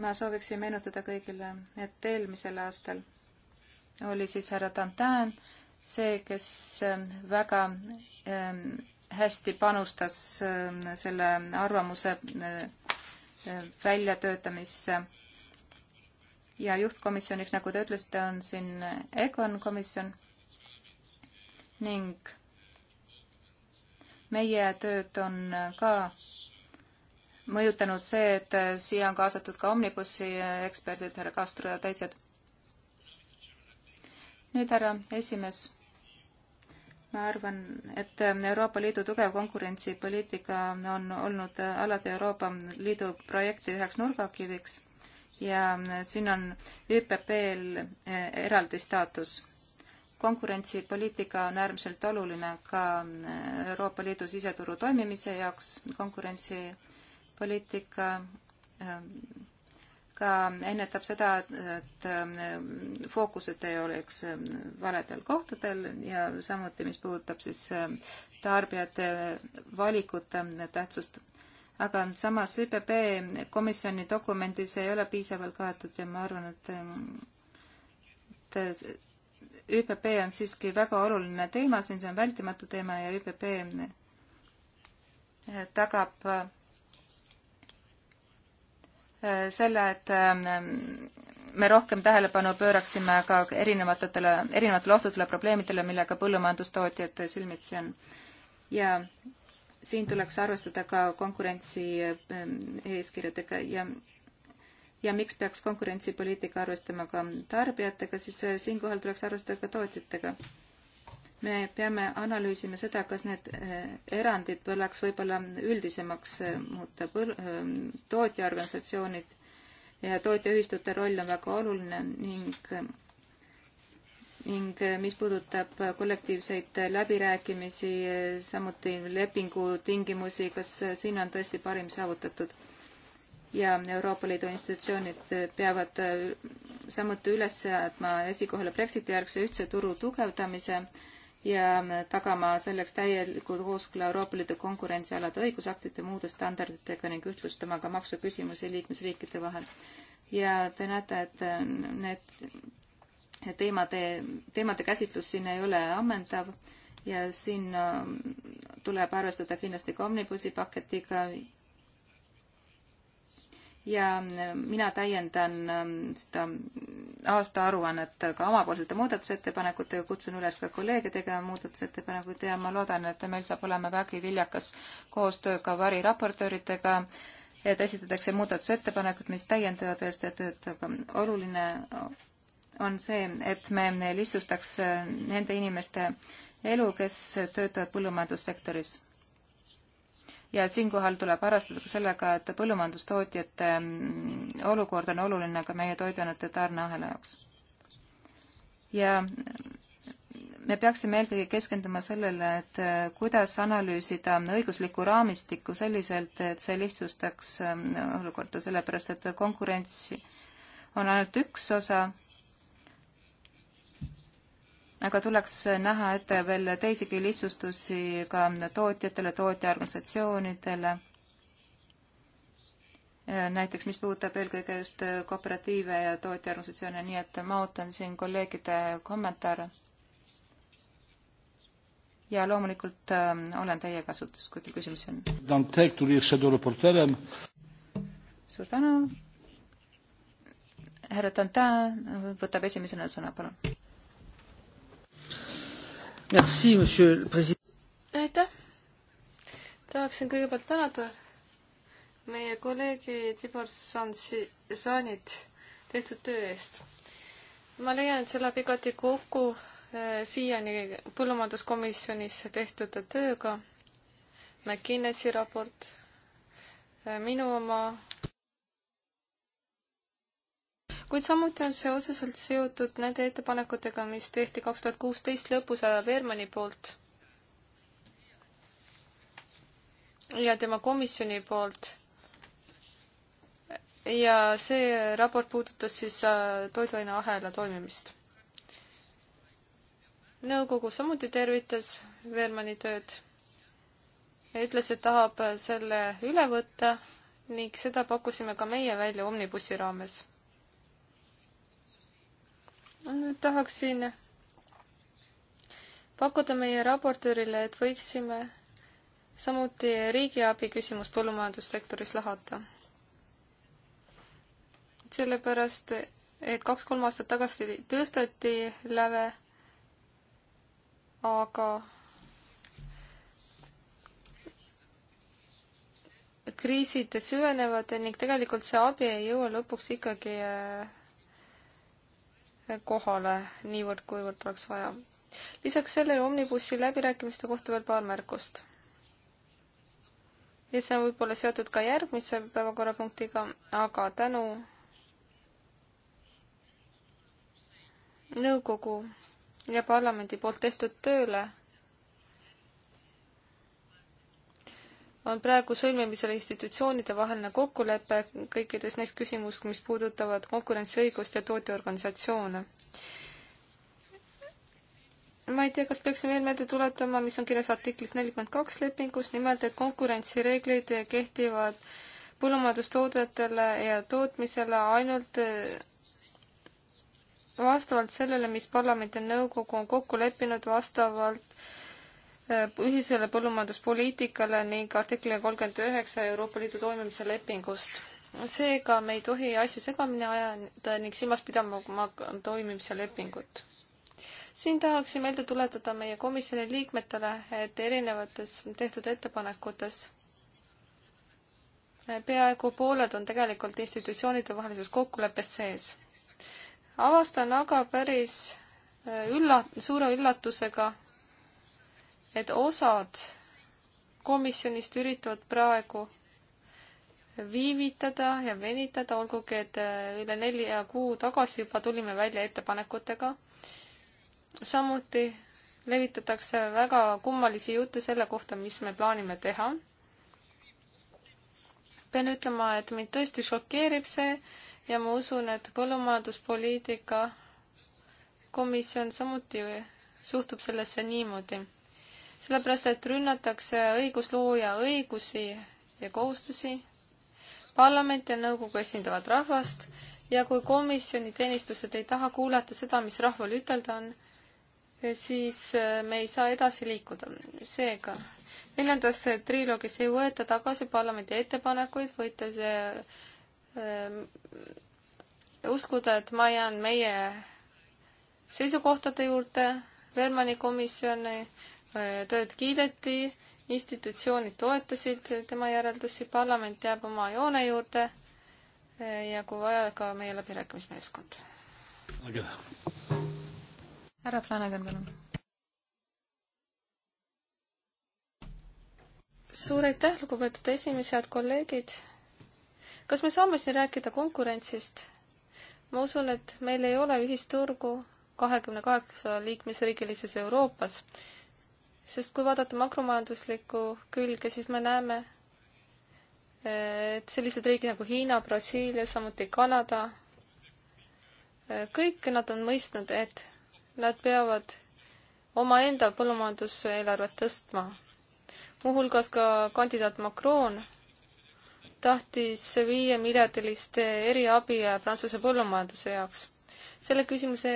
ma sooviksin meenutada kõigile, et eelmisel aastal oli siis härra Dantin see, kes ähm, väga ähm, hästi panustas ähm, selle arvamuse äh, äh, väljatöötamisse ja juhtkomisjoniks, nagu te ütlesite, on siin EGON komisjon ning meie tööd on ka mõjutanud see, et siia on kaasatud ka Omnibussi eksperdid, härra Castro ja teised. nüüd, härra esimees, ma arvan, et Euroopa Liidu tugev konkurentsipoliitika on olnud alati Euroopa Liidu projekti üheks nurgakiviks ja siin on ÜPP-l eraldi staatus konkurentsipoliitika on äärmiselt oluline ka Euroopa Liidu siseturu toimimise jaoks. konkurentsi poliitika ehm, ka ennetab seda, et ehm, fookused ei oleks ehm, valedel kohtadel ja samuti, mis puudutab siis tarbijate valikute tähtsust. aga samas ÜPP komisjoni dokumendis ei ole piisavalt kaetud ja ma arvan, et et ÜPP on siiski väga oluline teema siin, see on vältimatu teema ja ÜPP tagab selle, et ähm, me rohkem tähelepanu pööraksime ka erinevatele, erinevatele ohtudele, probleemidele, millega põllumajandustootjad silmitsi on. ja siin tuleks arvestada ka konkurentsi ähm, eeskirjadega ja ja miks peaks konkurentsipoliitika arvestama ka tarbijatega, siis äh, siinkohal tuleks arvestada ka tootjatega me peame analüüsima seda, kas need eh, erandid tuleks võib-olla üldisemaks eh, muuta. Eh, tootjaorganisatsioonid ja tootjaühistute roll on väga oluline ning ning mis puudutab kollektiivseid läbirääkimisi, samuti lepingutingimusi, kas siin on tõesti parim saavutatud? ja Euroopa Liidu institutsioonid peavad samuti üles seadma esikohale Brexiti järgse ühtse turu tugevdamise äh, ja tagama selleks täieliku kooskõla Euroopa Liidu konkurentsialade õigusaktide muude standarditega ning ühtlustama ka maksuküsimusi liikmesriikide vahel. ja te näete, et need teemade, teemade käsitlus siin ei ole ammendav ja siin ähm, tuleb arvestada kindlasti ka omnibusi paketiga ja ähm, mina täiendan ähm, seda aastaaruannet ka omapoolsete muudatusettepanekutega, kutsun üles ka kolleege tegema muudatusettepanekuid ja ma loodan, et meil saab olema vägagi viljakas koostöö ka variraportööridega, et esitatakse muudatusettepanekud, mis täiendavad veel seda tööd, aga oluline on see, et me lihtsustaks nende inimeste elu, kes töötavad põllumajandussektoris ja siinkohal tuleb arvestada ka sellega, et põllumajandustootjate mm, olukord on oluline ka meie toiduainete tarneahela jaoks. ja mm, me peaksime eelkõige keskenduma sellele, et mm, kuidas analüüsida õiguslikku raamistikku selliselt, et see lihtsustaks olukorda, sellepärast et konkurents on ainult üks osa aga tuleks näha ette veel teisigi lihtsustusi ka tootjatele, tootjaorganisatsioonidele. näiteks, mis puudutab eelkõige just kooperatiive ja tootjaorganisatsioone, nii et ma ootan siin kolleegide kommentaare. ja loomulikult äh, olen teie kasutuses, kui teil küsimusi
on.
suur tänu. härra Tantin võtab esimesena sõna, palun aitäh! tahaksin kõigepealt tänada
meie kolleegi Tibor Sansi-, Saanit tehtud töö eest. ma leian, et see läheb igati kokku eh, siiani põllumajanduskomisjonis tehtud tööga. McKinnesi raport, eh, minu oma kuid samuti on see otseselt seotud nende ettepanekutega, mis tehti kaks tuhat kuusteist lõpus Veermanni poolt ja tema komisjoni poolt. ja see raport puudutas siis äh, toiduaineahela toimimist. nõukogu samuti tervitas Veermanni tööd ja ütles, et tahab selle üle võtta ning seda pakkusime ka meie välja Omnibussi raames nüüd tahaksin pakkuda meie raportöörile, et võiksime samuti riigiabi küsimust põllumajandussektoris lahata. sellepärast, et kaks-kolm aastat tagasi tõsteti läve, aga kriisid süvenevad ning tegelikult see abi ei jõua lõpuks ikkagi äh, kohale niivõrd, kuivõrd oleks vaja. lisaks sellele Omnibussi läbirääkimiste kohta veel paar märkust. ja see on võib-olla seotud ka järgmise päevakorrapunktiga, aga tänu nõukogu ja parlamendi poolt tehtud tööle on praegu sõlmimisel institutsioonide vaheline kokkulepe kõikides neis küsimustes, mis puudutavad konkurentsiõigust ja tootjaorganisatsioone. ma ei tea, kas peaksime veel meelde tuletama, mis on kirjas artiklis nelikümmend kaks lepingus, nimelt et konkurentsireeglid kehtivad põllumajandustoodetele ja tootmisele ainult vastavalt sellele, mis parlament ja nõukogu on kokku leppinud vastavalt ühisele põllumajanduspoliitikale ning artiklile kolmkümmend üheksa Euroopa Liidu toimimise lepingust. seega me ei tohi asju segamini ajada ning silmas pidama toimimise lepingut. siin tahaksin meelde tuletada meie komisjoni liikmetele, et erinevates tehtud ettepanekutes peaaegu pooled on tegelikult institutsioonide vahelises kokkuleppes sees. avastan aga päris ülla-, suure üllatusega, et osad komisjonist üritavad praegu viivitada ja venitada, olgugi et äh, üle nelja kuu tagasi juba tulime välja ettepanekutega. samuti levitatakse väga kummalisi jutte selle kohta, mis me plaanime teha. pean ütlema, et mind tõesti šokeerib see ja ma usun, et põllumajanduspoliitika komisjon samuti suhtub sellesse niimoodi sellepärast et rünnatakse õiguslooja õigusi ja kohustusi, parlament ja nõukogu esindavad rahvast ja kui komisjoni teenistused ei taha kuulata seda, mis rahval ütelda on, siis äh, me ei saa edasi liikuda. seega neljandas triloogis ei võeta tagasi parlamendi ettepanekuid, võite see äh, uskuda, et ma jään meie seisukohtade juurde, Vermani komisjon tööd kiideti, institutsioonid toetasid tema järeldusi, parlament jääb oma joone juurde e, ja kui vaja, ka meie läbirääkimismeeskond. härra
Flanagan, palun.
suur aitäh, lugupeetud esimees, head kolleegid. kas me saame siin rääkida konkurentsist? ma usun, et meil ei ole ühisturgu kahekümne kaheksa liikmesriigilises Euroopas sest kui vaadata makromajanduslikku külge, siis me näeme, et sellised riigid nagu Hiina, Brasiilia, samuti Kanada, kõik nad on mõistnud, et nad peavad omaenda põllumajanduseelarvet tõstma. muuhulgas ka kandidaat Macron tahtis viie miljardilist eriabi Prantsuse põllumajanduse jaoks. selle küsimuse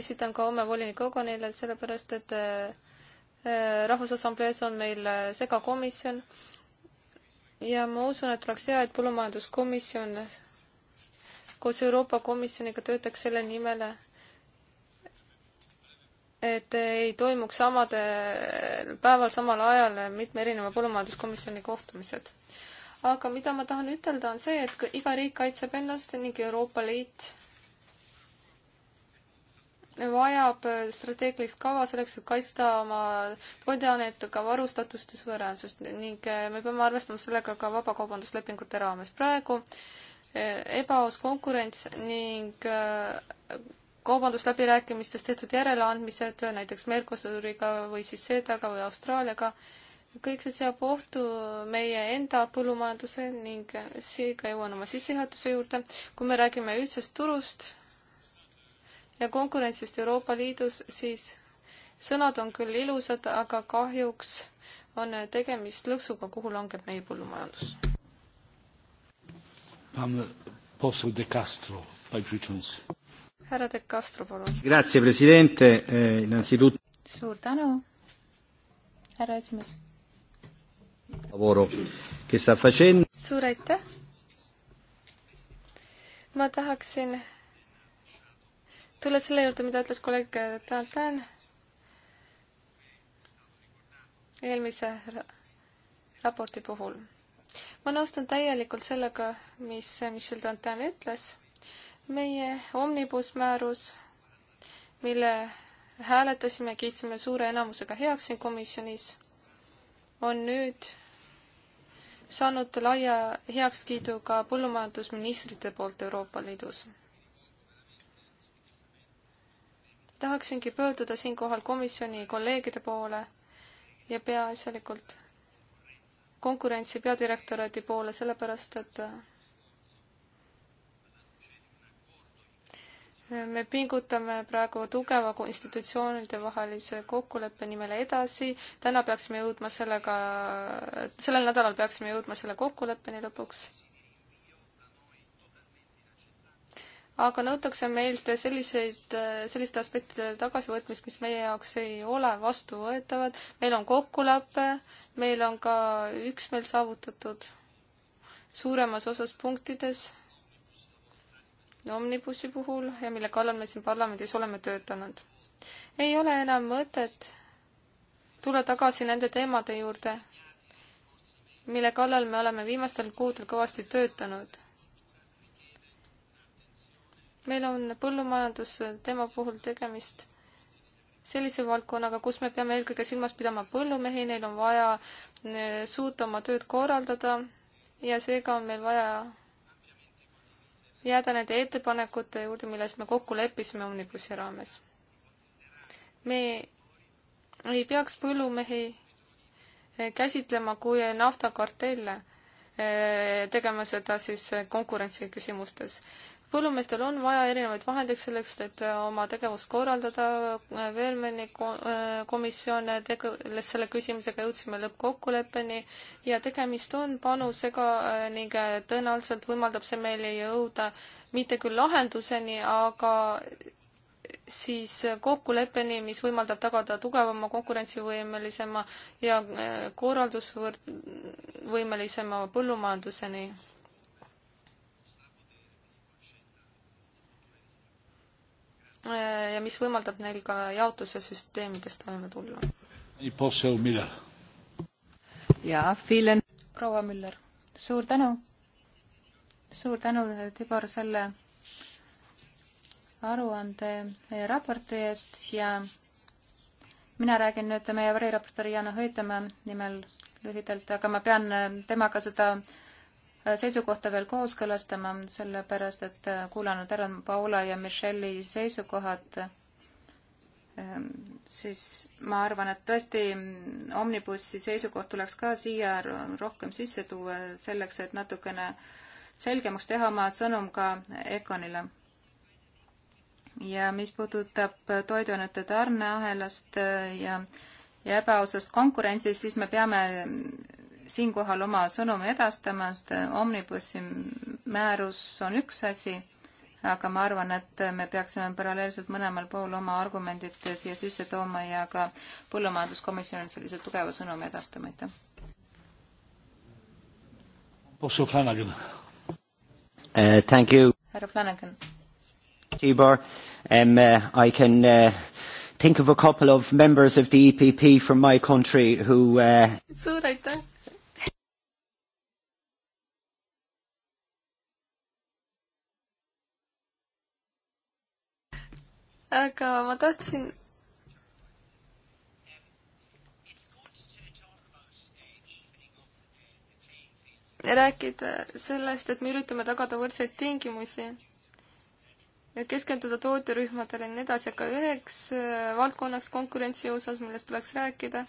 esitan ka homme volinik Ogonile, sellepärast et äh, Äh, Rahvusassamblees on meil äh, segakomisjon ja ma usun, et oleks hea, et põllumajanduskomisjon koos Euroopa Komisjoniga töötaks selle nimel, et ei toimuks samadel äh, päeval, samal ajal mitme erineva põllumajanduskomisjoni kohtumised. aga mida ma tahan ütelda, on see, et iga riik kaitseb ennast ning Euroopa Liit vajab strateegilist kava selleks, et kaitsta oma toideainetega varustatust ja suveräänsust ning eh, me peame arvestama sellega ka vabakaubanduslepingute raames. praegu eh, ebaaus konkurents ning eh, kaubandusläbirääkimistes tehtud järeleandmised näiteks Mercosuriga või siis CETA-ga või Austraaliaga, kõik see seab ohtu meie enda põllumajanduse ning seega jõuan oma sissejuhatuse juurde. kui me räägime ühtsest turust, ja konkurentsist Euroopa Liidus, siis sõnad on küll ilusad, aga kahjuks on tegemist lõksuga, kuhu langeb meie põllumajandus.
härra De Castro, palun.
Eh,
suur tänu, härra esimees. suur aitäh.
ma tahaksin tulles selle juurde, mida ütles kolleeg Tantan eelmise raporti puhul. ma nõustun täielikult sellega, mis Michel Tantan ütles. meie omnibus määrus, mille hääletasime, kiitsime suure enamusega heaks siin komisjonis, on nüüd saanud laia heakskiidu ka põllumajandusministrite poolt Euroopa Liidus tahaksingi pöörduda siinkohal komisjoni kolleegide poole ja peaasjalikult konkurentsi peadirektoraadi poole, sellepärast et äh, me pingutame praegu tugeva institutsioonide vahelise kokkuleppe nimel edasi. täna peaksime jõudma sellega, sellel nädalal peaksime jõudma selle kokkuleppeni lõpuks aga nõutakse meilt selliseid, selliste aspektide tagasivõtmist, mis meie jaoks ei ole vastuvõetavad. meil on kokkulepe, meil on ka üksmeel saavutatud suuremas osas punktides Omnibussi puhul ja mille kallal me siin parlamendis oleme töötanud. ei ole enam mõtet tulla tagasi nende teemade juurde, mille kallal me oleme viimastel kuudel kõvasti töötanud meil on põllumajandus tema puhul tegemist sellise valdkonnaga, kus me peame eelkõige silmas pidama põllumehi, neil on vaja eh, suuta oma tööd korraldada ja seega on meil vaja jääda nende ettepanekute juurde, milles me kokku leppisime Omnibussi raames. me ei peaks põllumehi eh, käsitlema kui naftakartelle, eh, tegema seda siis konkurentsi küsimustes põllumeestel on vaja erinevaid vahendeid selleks, et äh, oma tegevust korraldada, Vermeni äh, komisjon äh, tegeles selle küsimusega, jõudsime lõppkokkuleppeni ja tegemist on panusega ning tõenäoliselt võimaldab see meil jõuda mitte küll lahenduseni, aga siis kokkuleppeni, mis võimaldab tagada tugevama, konkurentsivõimelisema ja korraldusvõimelisema põllumajanduseni Äh, ja mis võimaldab neil ka jaotuse süsteemides toime tulla.
ja, Filen. proua Müller, suur tänu. suur tänu, Tibor, selle aruande raporti eest ja mina räägin nüüd meie variraportööri Jana Hõitamäe nimel lühidalt, aga ma pean temaga seda äh, seisukohta veel kooskõlastama, sellepärast et äh, kuulanud ära Paula ja Michelle'i seisukohad, ähm, siis ma arvan, et tõesti mm, Omnibussi seisukoht tuleks ka siia rohkem sisse tuua, selleks et natukene selgemaks teha oma sõnum ka Econile. ja mis puudutab toiduainete tarneahelast äh, ja ja ebaosast konkurentsis, siis me peame siinkohal oma sõnumi edastamast, äh, omnibussi määrus on üks asi, aga ma arvan, et äh, me peaksime paralleelselt mõlemal pool oma argumendid äh, siia sisse tooma ja ka põllumajanduskomisjonil sellise tugeva sõnumi edastama, aitäh. Uh, härra Flanagan.
Tibor um,, uh, I can uh, think of a couple of members of the EPP from my country who uh...
suur aitäh! aga ma tahtsin rääkida sellest, et me üritame tagada võrdseid tingimusi ja keskenduda tooterühmadele ja nii edasi, aga üheks äh, valdkonnaks konkurentsi osas, millest tuleks rääkida,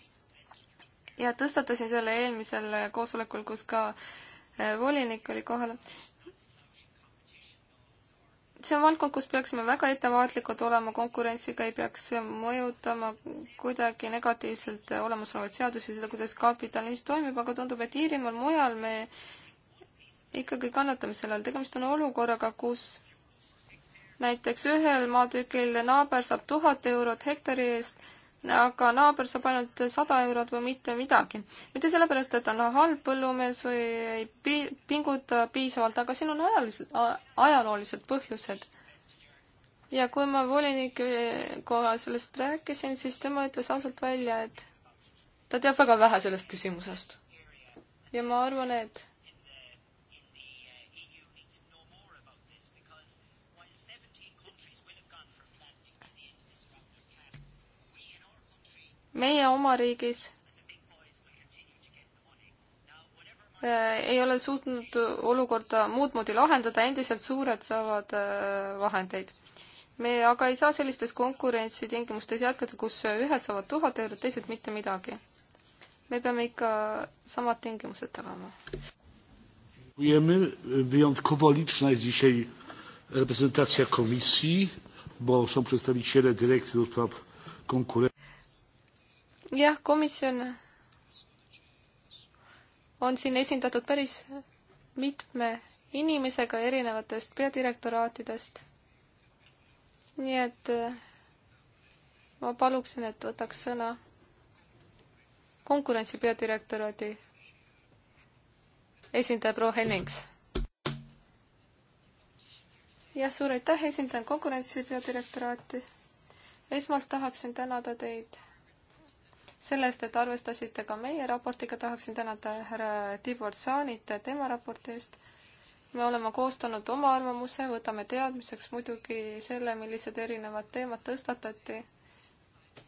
ja tõstatasin selle eelmisel äh, koosolekul, kus ka äh, volinik oli kohal, see on valdkond, kus peaksime väga ettevaatlikud olema, konkurentsiga ei peaks mõjutama kuidagi negatiivselt olemasolevaid seadusi, seda, kuidas kapitalism toimib, aga tundub, et Iirimaal, mujal me ikkagi kannatame selle all, tegemist on olukorraga, kus näiteks ühel maatükil naaber saab tuhat eurot hektari eest aga naaber saab ainult sada eurot või mitte midagi. mitte sellepärast, et ta on halb põllumees või ei pi-, pinguta piisavalt, aga siin on ajalised, ajaloolised põhjused. ja kui ma volinikuga eh, sellest rääkisin, siis tema ütles ausalt välja, et ta teab väga vähe sellest küsimusest. ja ma arvan, et meie oma riigis äh, ei ole suutnud olukorda muud moodi lahendada, endiselt suured saavad äh, vahendeid. me aga ei saa sellistes konkurentsitingimustes jätkata, kus ühed saavad tuhat eurot, teised mitte midagi. me peame ikka samad tingimused tagama.
Wyjątkowo liczna jest dzisiaj reprezentacja komisji, bo są przedstawiciele dyrekcji do spraw konkurencji
jah, komisjon on siin esindatud päris mitme inimesega erinevatest peadirektoraatidest. nii et eh, ma paluksin, et võtaks sõna konkurentsi peadirektoraadi esindaja proua Hennings. jah, suur aitäh, esindan konkurentsi peadirektoraati. esmalt tahaksin tänada teid selle eest, et arvestasite ka meie raportiga, tahaksin tänada härra Tibor Saanit tema raporti eest. me oleme koostanud oma arvamuse, võtame teadmiseks muidugi selle, millised erinevad teemad tõstatati.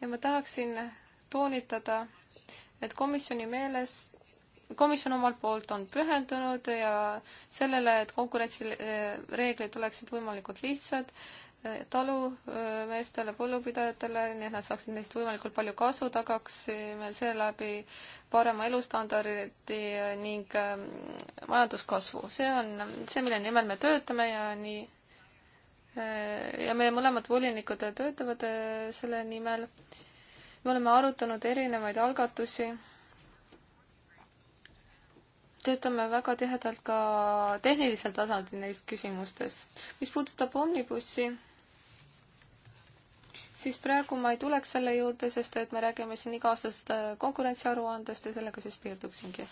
ja ma tahaksin toonitada, et komisjoni meeles komisjon omalt poolt on pühendunud ja sellele, et konkurentsireeglid oleksid võimalikult lihtsad talumeestele, äh, põllupidajatele, nii et nad saaksid neist võimalikult palju kasu, tagaksime seeläbi parema elustandardi ning äh, majanduskasvu. see on see, mille nimel me töötame ja nii äh, ja meie mõlemad volinikud töötavad selle nimel. me oleme arutanud erinevaid algatusi. töötame väga tihedalt ka tehnilisel tasandil neis küsimustes. mis puudutab omnibussi siis praegu ma ei tuleks selle juurde, sest et me räägime siin iga-aastasest äh, konkurentsiaruandest ja sellega siis piirduksingi.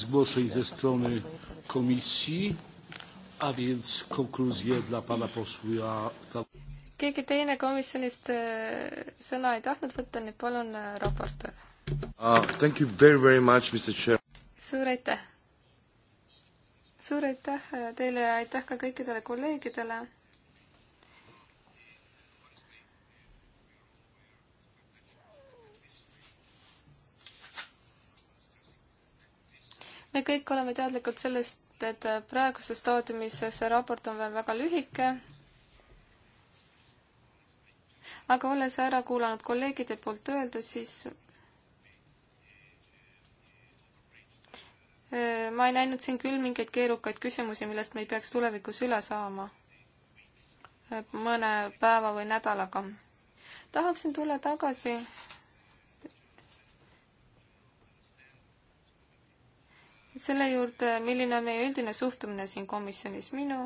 zgłoszeń ze strony komisji, a więc konkluzje dla pana posła.
Keegi teine komisjonist äh, sõna ei tahtnud võtta, nii palun äh, raportöör
uh,. Thank you very, very much, Mr Chair.
suur aitäh suur aitäh teile ja aitäh ka kõikidele kolleegidele. me kõik oleme teadlikud sellest, et praeguses staadiumis see raport on veel väga lühike. aga olles ära kuulanud kolleegide poolt öeldu, siis Äh, ma ei näinud siin küll mingeid keerukaid küsimusi, millest me ei peaks tulevikus üle saama. Äh, mõne päeva või nädalaga. tahaksin tulla tagasi selle juurde, milline on meie üldine suhtumine siin komisjonis. minu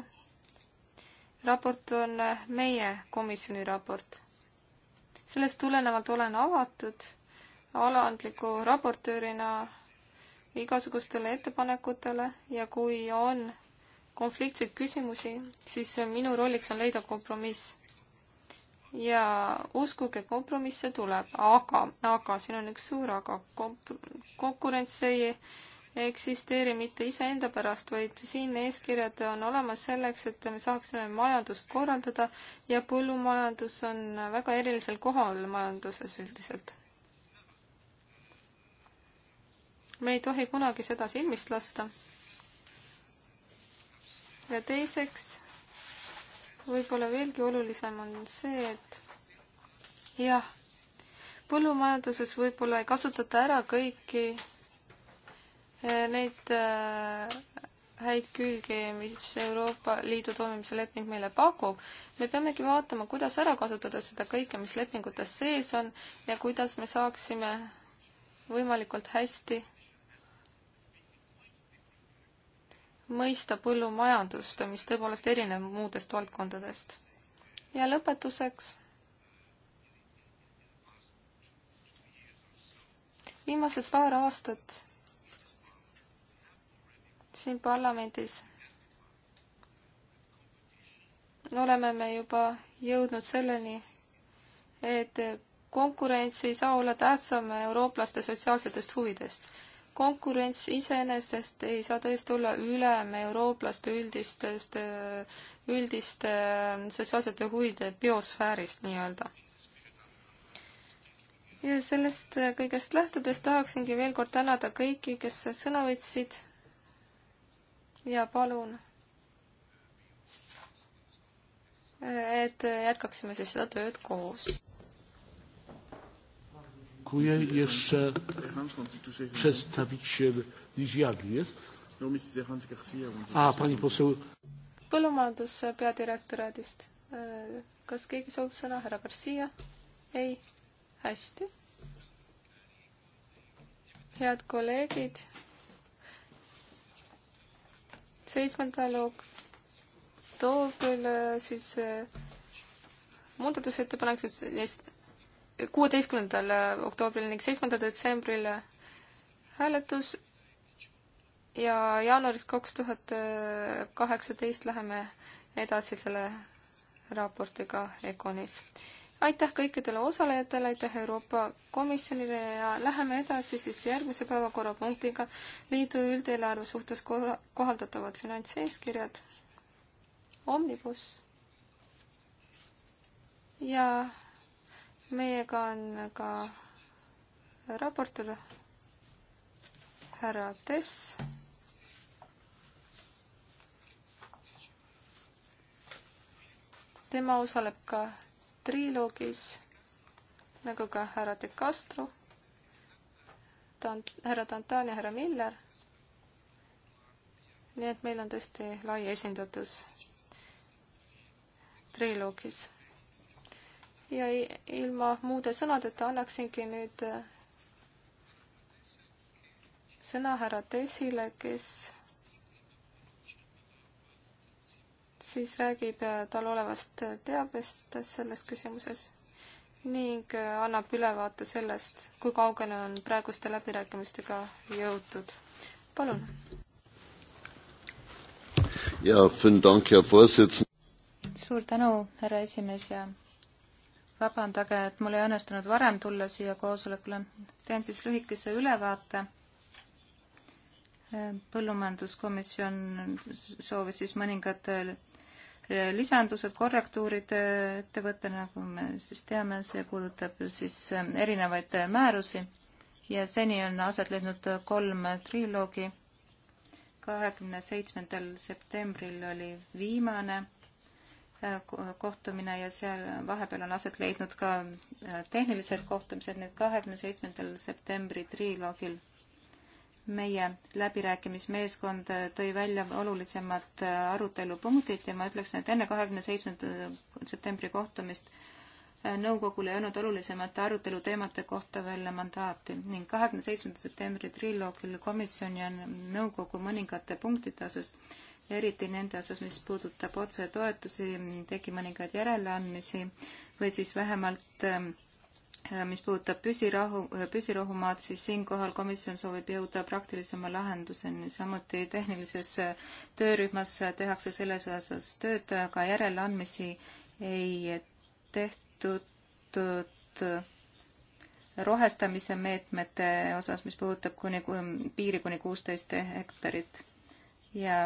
raport on äh, meie komisjoni raport. sellest tulenevalt olen avatud alandliku raportöörina igasugustele ettepanekutele ja kui on konfliktseid küsimusi, siis minu rolliks on leida kompromiss. ja uskuge, kompromisse tuleb, aga, aga siin on üks suur aga, konkurents ei eksisteeri mitte iseenda pärast, vaid siin eeskirjad on olemas selleks, et me saaksime majandust korraldada ja põllumajandus on väga erilisel kohal majanduses üldiselt. me ei tohi kunagi seda silmist lasta. ja teiseks, võib-olla veelgi olulisem on see, et jah, põllumajanduses võib-olla ei kasutata ära kõiki eh, neid eh, häid külgi, mis Euroopa Liidu toimimise leping meile pakub, me peamegi vaatama, kuidas ära kasutada seda kõike, mis lepingutes sees on ja kuidas me saaksime võimalikult hästi mõista põllumajandust, mis tõepoolest erineb muudest valdkondadest. ja lõpetuseks. viimased paar aastat siin parlamendis oleme me juba jõudnud selleni, et konkurents ei saa olla tähtsam eurooplaste sotsiaalsetest huvidest konkurents iseenesest ei saa tõesti olla ülem eurooplaste üldistest, üldiste äh, sotsiaalsete huvide biosfäärist nii-öelda. ja sellest äh, kõigest lähtudes tahaksingi veel kord tänada kõiki, kes sõna võtsid ja palun, äh, et jätkaksime siis seda tööd koos.
Dziękuję. Jeszcze przedstawiciel Liziagi jest? A, pani poseł.
põllumajanduse peadirektoraadist. Äh, kas keegi soovib sõna, härra Garcia? ei? hästi. head kolleegid. seitsmendal oktoobril äh, siis äh, muudatusettepanekud neist kuueteistkümnendal oktoobril ning seitsmendal detsembril hääletus ja jaanuaris kaks tuhat kaheksateist läheme edasi selle raportiga Econis. aitäh kõikidele osalejatele, aitäh Euroopa Komisjonile ja läheme edasi siis järgmise päevakorrapunktiga liidu üldeelarve suhtes kohaldatavad finantseeskirjad Omnibus ja meiega on ka raportöör härra Tess. tema osaleb ka triloogis nagu ka härra De Castro, tant-, härra Tantan ja härra Miller. nii et meil on tõesti lai esindatus triloogis ja ilma muude sõnadeta annaksingi nüüd äh, sõna härra Tessile, kes siis räägib äh, tal olevast äh, teabest selles küsimuses ning annab ülevaate sellest, kui kaugele on praeguste
läbirääkimistega jõutud. palun. suur tänu, härra esimees ja vabandage, et mul ei õnnestunud varem tulla siia koosolekule. teen siis lühikese ülevaate. põllumajanduskomisjon soovis siis mõningad eh, lisandused, korrektuurid eh, ette võtta, nagu me siis teame, see puudutab siis eh, erinevaid määrusi ja seni on aset leidnud kolm triloogi. kahekümne seitsmendal septembril oli viimane kohtumine ja seal vahepeal on aset leidnud ka äh, tehnilised kohtumised nüüd kahekümne seitsmendal septembri triloogil. meie läbirääkimismeeskond äh, tõi välja olulisemad äh, arutelupunktid ja ma ütleksin, et enne kahekümne seitsmenda septembri kohtumist nõukogul ei olnud olulisemate aruteluteemade kohta veel mandaati ning kahekümne seitsmenda septembri triloogil komisjon ja nõukogu mõningate punktide osas eriti nende osas, mis puudutab otsetoetusi, tegi mõningaid järeleandmisi või siis vähemalt ähm, äh, mis puudutab püsirahu, äh, püsirohumaad, siis siinkohal komisjon soovib jõuda praktilisema lahenduseni, samuti tehnilises äh, töörühmas tehakse selles osas tööd, aga järeleandmisi ei tehtud rohestamise meetmete osas, mis puudutab kuni, piiri kuni kuusteist hektarit ja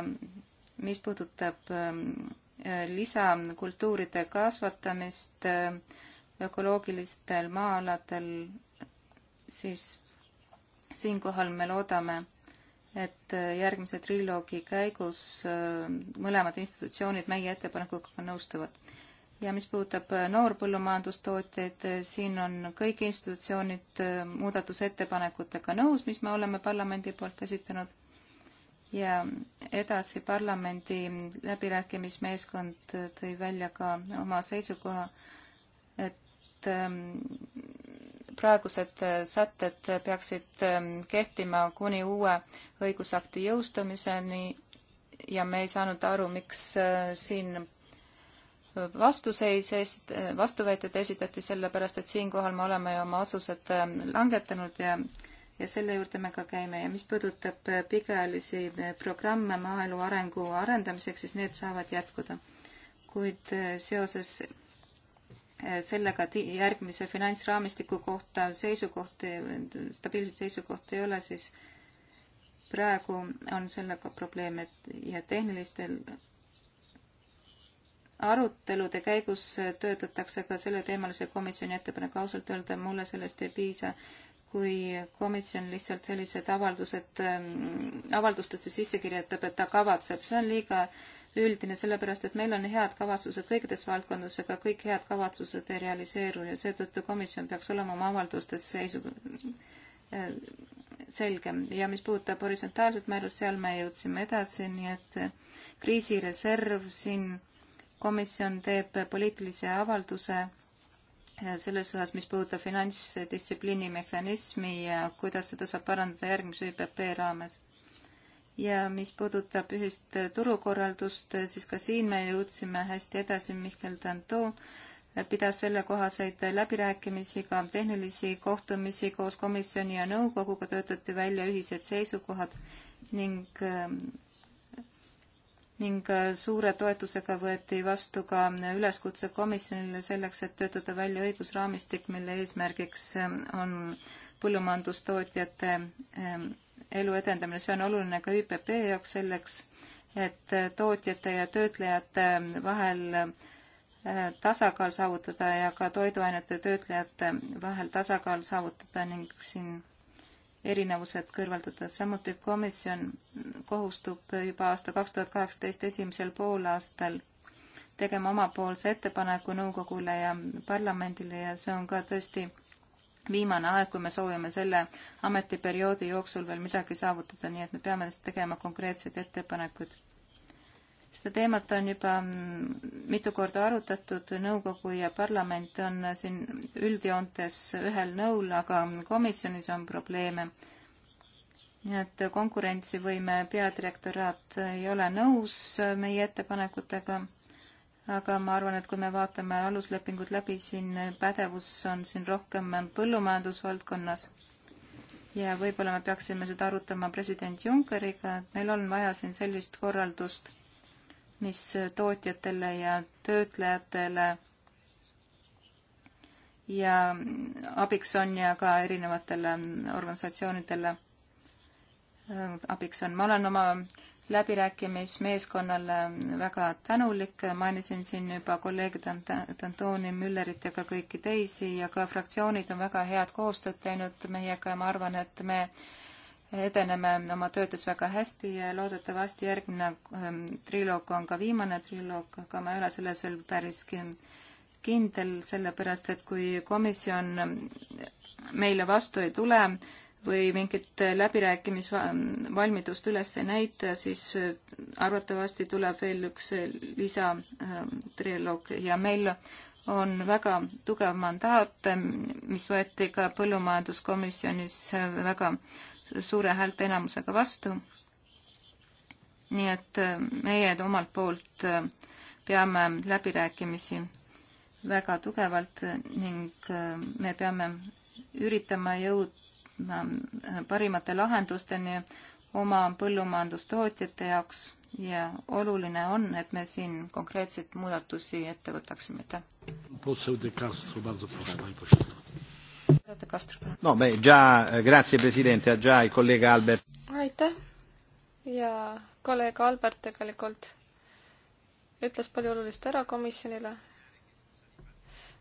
mis puudutab ähm, äh, lisakultuuride kasvatamist äh, ökoloogilistel maa-aladel, siis siinkohal me loodame, et äh, järgmise triloogi käigus mõlemad institutsioonid meie ettepanekuga nõustuvad. ja mis puudutab noorpõllumajandustootjaid, siin on kõik institutsioonid muudatusettepanekutega nõus, mis me oleme parlamendi poolt esitanud ja edasi parlamendi läbirääkimismeeskond tõi välja ka oma seisukoha, et ähm, praegused sätted peaksid ähm, kehtima kuni uue õigusakti jõustumiseni ja me ei saanud aru, miks äh, siin vastuseis, vastuväited esitati, sellepärast et siinkohal me oleme ju oma otsused ähm, langetanud ja ja selle juurde me ka käime ja mis puudutab äh, pikaajalisi äh, programme maaelu arengu arendamiseks, siis need saavad jätkuda. kuid äh, seoses sellega, et järgmise finantsraamistiku kohta seisukohti, stabiilset seisukohti ei ole, siis praegu on sellega probleem, et ja tehnilistel arutelude käigus töötatakse ka selleteemalise komisjoni ettepaneku, ausalt öelda mulle sellest ei piisa kui komisjon lihtsalt sellised avaldused, ähm, avaldustesse sisse kirjutab, et ta kavatseb, see on liiga üldine, sellepärast et meil on head kavatsused kõikides valdkondades, aga kõik head kavatsused ei realiseeru ja seetõttu komisjon peaks olema oma avaldustes seisu äh, selgem ja mis puudutab horisontaalset määrust, seal me jõudsime edasi, nii et äh, kriisireserv siin komisjon teeb poliitilise avalduse selles osas, mis puudutab finantsdistsipliini mehhanismi ja kuidas seda saab parandada järgmise ÜPP raames. ja mis puudutab ühist turukorraldust, siis ka siin me jõudsime hästi edasi, Mihkel Tanto pidas sellekohaseid läbirääkimisi, ka tehnilisi kohtumisi koos komisjoni ja nõukoguga töötati välja ühised seisukohad ning ähm, ning äh, suure toetusega võeti vastu ka üleskutse komisjonile selleks, et töötada välja õigusraamistik, mille eesmärgiks ähm, on põllumajandustootjate ähm, elu edendamine. see on oluline ka ÜPP jaoks selleks, et äh, tootjate ja töötlejate ähm, vahel äh, tasakaal saavutada ja ka toiduainete töötlejate vahel tasakaal saavutada ning siin erinevused kõrvaldada. samuti komisjon kohustub juba aasta kaks tuhat kaheksateist esimesel poolaastal tegema omapoolse ettepaneku nõukogule ja parlamendile ja see on ka tõesti viimane aeg, kui me soovime selle ametiperioodi jooksul veel midagi saavutada, nii et me peame tegema konkreetseid ettepanekuid seda teemat on juba mm, mitu korda arutatud, nõukogu ja parlament on siin üldjoontes ühel nõul, aga komisjonis on probleeme. nii et konkurentsivõime peadirektoraat ei ole nõus meie ettepanekutega, aga ma arvan, et kui me vaatame aluslepingud läbi, siin pädevus on siin rohkem põllumajandusvaldkonnas ja võib-olla me peaksime seda arutama president Junckeriga, et meil on vaja siin sellist korraldust mis tootjatele ja töötlejatele ja abiks on ja ka erinevatele organisatsioonidele abiks on. ma olen oma läbirääkimismeeskonnale väga tänulik, mainisin siin juba kolleeg Dantoni Müllerit ja ka kõiki teisi ja ka fraktsioonid on väga head koostööd teinud meiega ja ma arvan, et me edeneme oma töödes väga hästi ja loodetavasti järgmine ähm, triloog on ka viimane triloog, aga ma ei ole selles veel päris kindel, sellepärast et kui komisjon ähm, meile vastu ei tule või mingit läbirääkimisvalmidust ähm, üles ei näita, siis äh, arvatavasti tuleb veel üks äh, lisatriloog ja meil on väga tugev mandaat, mis võeti ka põllumajanduskomisjonis äh, väga suure häälteenamusega vastu. nii et äh, meie omalt poolt äh, peame läbirääkimisi väga tugevalt ning äh, me peame üritama jõudma parimate lahendusteni oma põllumajandustootjate jaoks ja oluline on, et me siin konkreetseid muudatusi ette võtaksime, aitäh. De Castro.
no me già, eh, grazie presidente, già il kolleeg Albert.
aitäh ja kolleeg Albert tegelikult ütles palju olulist ära komisjonile.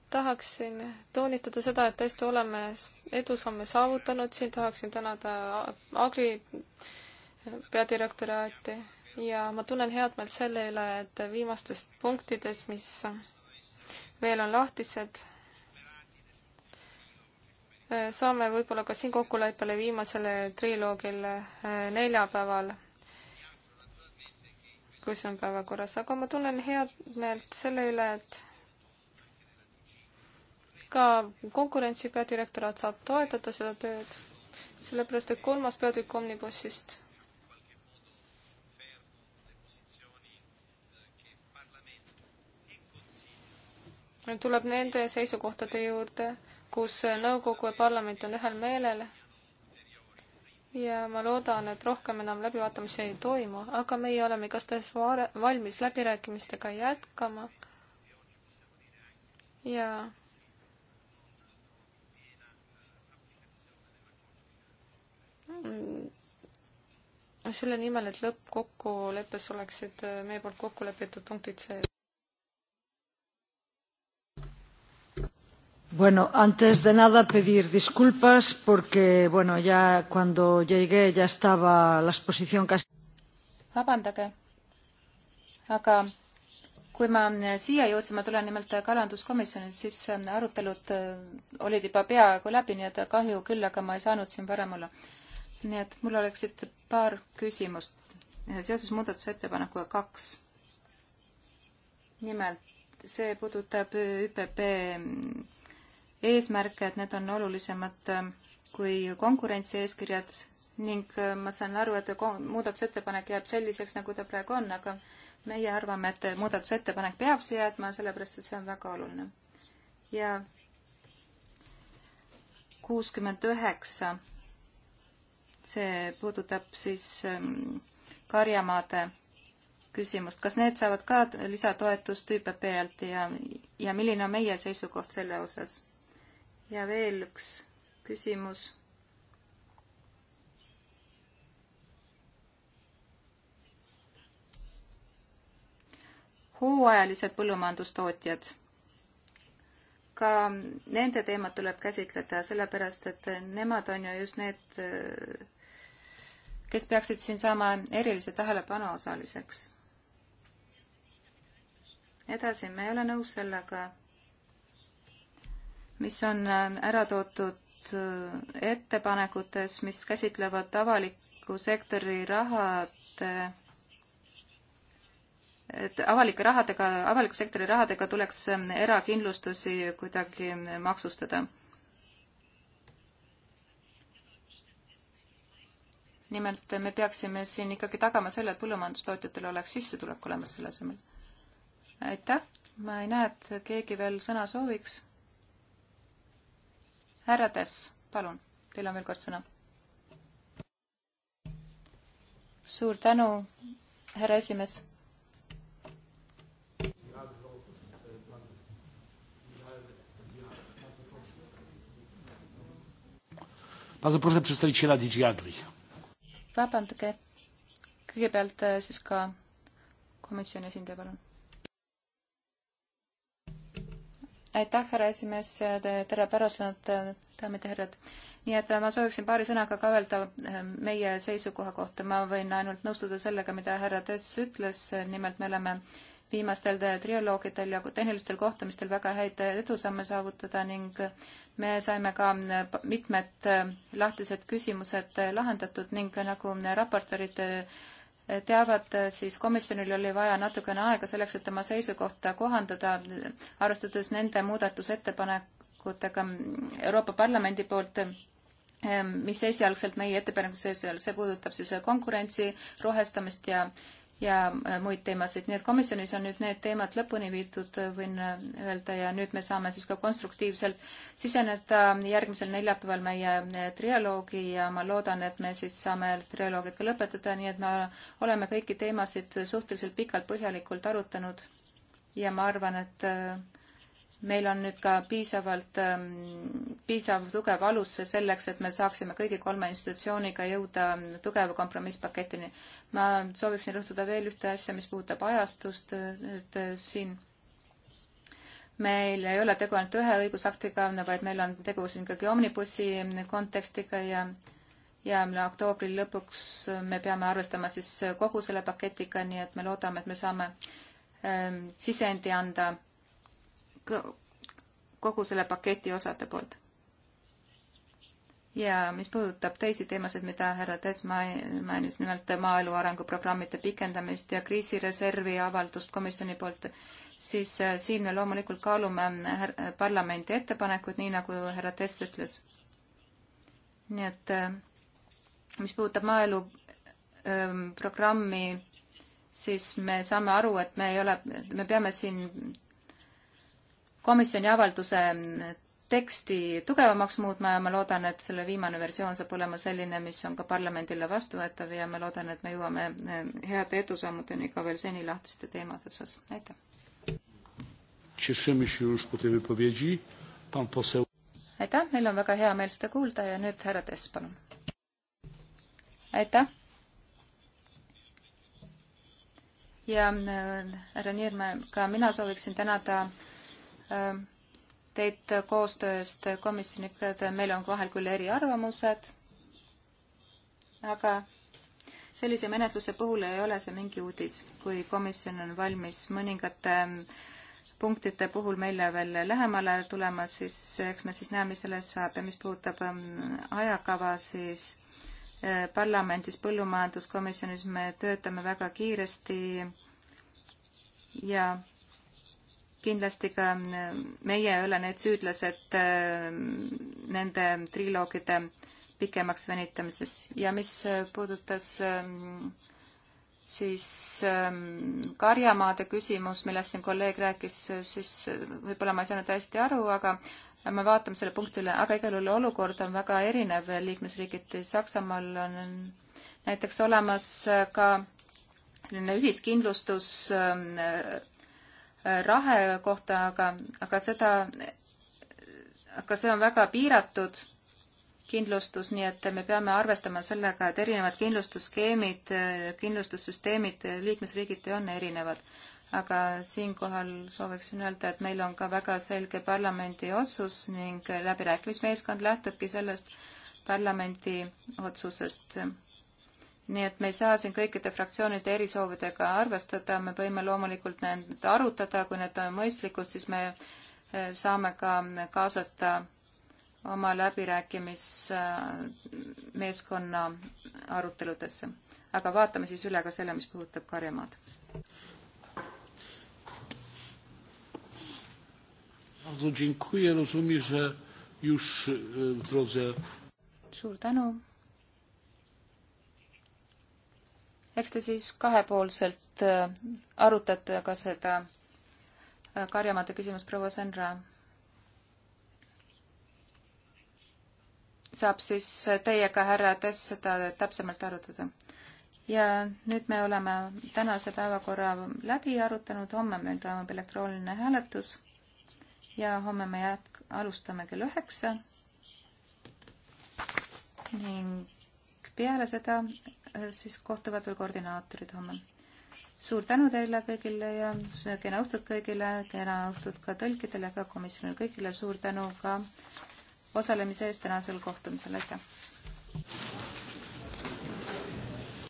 tahaksin toonitada seda, et tõesti oleme edusamme saavutanud, siin tahaksin tänada Agri peadirektoraati ja ma tunnen head meelt selle üle, et viimastes punktides, mis veel on lahtised, Äh, saame võib-olla ka siin kokkuleppele viimasele triloogile äh, neljapäeval, kus on päevakorras, aga ma tunnen head meelt selle üle, et ka konkurentsi peadirektoraat saab toetada seda tööd, sellepärast et kolmas peatükk Omnibussist tuleb nende seisukohtade juurde kus nõukogu ja parlament on ühel meelel ja ma loodan, et rohkem enam läbivaatamisi ei toimu, aga meie oleme igastahes valmis läbirääkimistega jätkama ja selle nimel, et lõppkokkuleppes oleksid meie poolt kokku lepitud punktid sees.
Bueno, antes de nada pedir disculpas porque, bueno, ya cuando llegué ya estaba la exposición casi.
Vabandage. Aga kui ma eh, siia jõudsin, ma tulen nimelt kalanduskomisjonist, siis eh, arutelud eh, olid juba peaaegu läbi, nii et kahju küll, aga ma ei saanud siin varem olla. nii et mul oleksid paar küsimust seoses muudatusettepanekuga kaks. nimelt see puudutab ÜPP eesmärke, et need on olulisemad ähm, kui konkurentsieeskirjad ning äh, ma saan aru, et muudatusettepanek jääb selliseks, nagu ta praegu on, aga meie arvame, et muudatusettepanek peab siia jääma, sellepärast et see on väga oluline. ja kuuskümmend üheksa, see puudutab siis ähm, karjamaade küsimust, kas need saavad ka lisatoetust ÜPP-lt ja, ja milline on meie seisukoht selle osas? ja veel üks küsimus. hooajalised põllumajandustootjad. ka nende teemat tuleb käsitleda, sellepärast et nemad on ju just need, kes peaksid siin saama erilise tähelepanu osaliseks. edasi, me ei ole nõus sellega mis on äh, ära toodud äh, ettepanekutes, mis käsitlevad avaliku sektori rahade et avalike rahadega, avaliku sektori rahadega tuleks äh, erakindlustusi kuidagi maksustada. nimelt me peaksime siin ikkagi tagama selle, et põllumajandustootjatel oleks sissetulek olemas selle asemel. aitäh, ma ei näe, et keegi veel sõna sooviks härra Tess, palun, teil on veel kord sõna. suur tänu, härra esimees
Bardzo proszę przedstawiciela DG Agri.
Vabandage. Kõigepealt äh, siis ka komisjoni esindaja, palun. aitäh, härra esimees, tere pärastlõunat, daamid ja härrad. nii et ma sooviksin paari sõnaga ka öelda eh, meie seisukoha kohta, ma võin ainult nõustuda sellega, mida härra Tess ütles, nimelt me oleme viimastel trioloogidel ja tehnilistel kohtumistel väga häid edusamme saavutada ning me saime ka eh, mitmed eh, lahtised küsimused lahendatud ning nagu raportöörid teavad, siis komisjonil oli vaja natukene aega selleks, et oma seisukohta kohandada, arvestades nende muudatusettepanekutega Euroopa Parlamendi poolt, eh, mis esialgselt meie ettepanekus sees ei ole, see puudutab siis konkurentsi, rohestamist ja äh, ja äh, muid teemasid, nii et komisjonis on nüüd need teemad lõpuni viidud, äh, võin äh, öelda, ja nüüd me saame siis ka konstruktiivselt siseneda järgmisel neljapäeval meie trialoogi ja ma loodan, et me siis saame trialoogid ka lõpetada, nii et me oleme kõiki teemasid suhteliselt pikalt põhjalikult arutanud ja ma arvan, et meil on nüüd ka piisavalt, ähm, piisav tugev alus selleks, et me saaksime kõigi kolme institutsiooniga jõuda tugeva kompromisspaketini. ma sooviksin rõhutada veel ühte asja, mis puudutab ajastust, et äh, siin meil ei ole tegu ainult ühe õigusaktiga, vaid meil on tegu siin ikkagi omnibussi kontekstiga ja ja oktoobri lõpuks me peame arvestama siis kogu selle paketiga, nii et me loodame, et me saame ähm, sisendi anda kogu selle paketi osade poolt. ja mis puudutab teisi teemasid, mida härra Tess mainis, nimelt maaelu arenguprogrammide pikendamist ja kriisireservi avaldust komisjoni poolt, siis äh, siin me loomulikult kaalume äh, parlamendi ettepanekut, nii nagu härra Tess ütles. nii et äh, mis puudutab maaelu ähm, programmi siis me saame aru, et me ei ole, me peame siin komisjoni avalduse teksti tugevamaks muutma ja ma loodan, et selle viimane versioon saab olema selline, mis on ka parlamendile vastuvõetav ja ma loodan, et me jõuame eh, heade edusammudeni ka veel seni lahtiste teemade osas. aitäh! aitäh, meil on väga hea meel seda kuulda ja nüüd härra Tess, palun. aitäh! ja äh, härra Niirmäe, ka mina sooviksin tänada äh, Äh, teid koostöö eest komisjoniga, meil on vahel küll eriarvamused, aga sellise menetluse puhul ei ole see mingi uudis, kui komisjon on valmis mõningate punktide puhul meile veel lähemale tulema, siis eks me siis näe, mis sellest saab ja mis puudutab ähm, ajakava, siis äh, parlamendis põllumajanduskomisjonis me töötame väga kiiresti ja kindlasti ka äh, meie ei ole need süüdlased äh, nende triloogide pikemaks venitamises ja mis äh, puudutas ähm, siis ähm, karjamaade küsimus, millest siin kolleeg rääkis, siis võib-olla ma ei saanud hästi aru, aga me vaatame selle punkti üle, aga igal juhul olukord on väga erinev liikmesriigiti. Saksamaal on näiteks olemas ka selline ühiskindlustus ähm, rahe kohta, aga, aga seda, aga see on väga piiratud kindlustus, nii et me peame arvestama sellega, et erinevad kindlustusskeemid, kindlustussüsteemid liikmesriigiti on erinevad. aga siinkohal sooviksin öelda, et meil on ka väga selge parlamendi otsus ning läbirääkimismeeskond lähtubki sellest parlamendi otsusest nii et me ei saa siin kõikide fraktsioonide erisoovidega arvestada, me võime loomulikult need arutada, kui need on mõistlikud, siis me eh, saame ka kaasata oma läbirääkimismeeskonna eh, aruteludesse. aga vaatame siis üle ka selle, mis puudutab Karjamaad. E, suur tänu eks te siis kahepoolselt äh, arutate ka seda äh, Karjamaade küsimust, proua Senra. saab siis äh, teiega, härra Tess, seda täpsemalt arutada. ja nüüd me oleme tänase päevakorra läbi arutanud, homme meil toimub elektrooniline hääletus ja homme me jätk-, alustame kell üheksa ning peale seda Äh, siis kohtuvad veel koordinaatorid homme. suur tänu teile kõigile ja kena õhtut kõigile, kena õhtut ka tõlkidele, ka komisjonile, kõigile suur tänu ka osalemise eest tänasel kohtumisel, aitäh!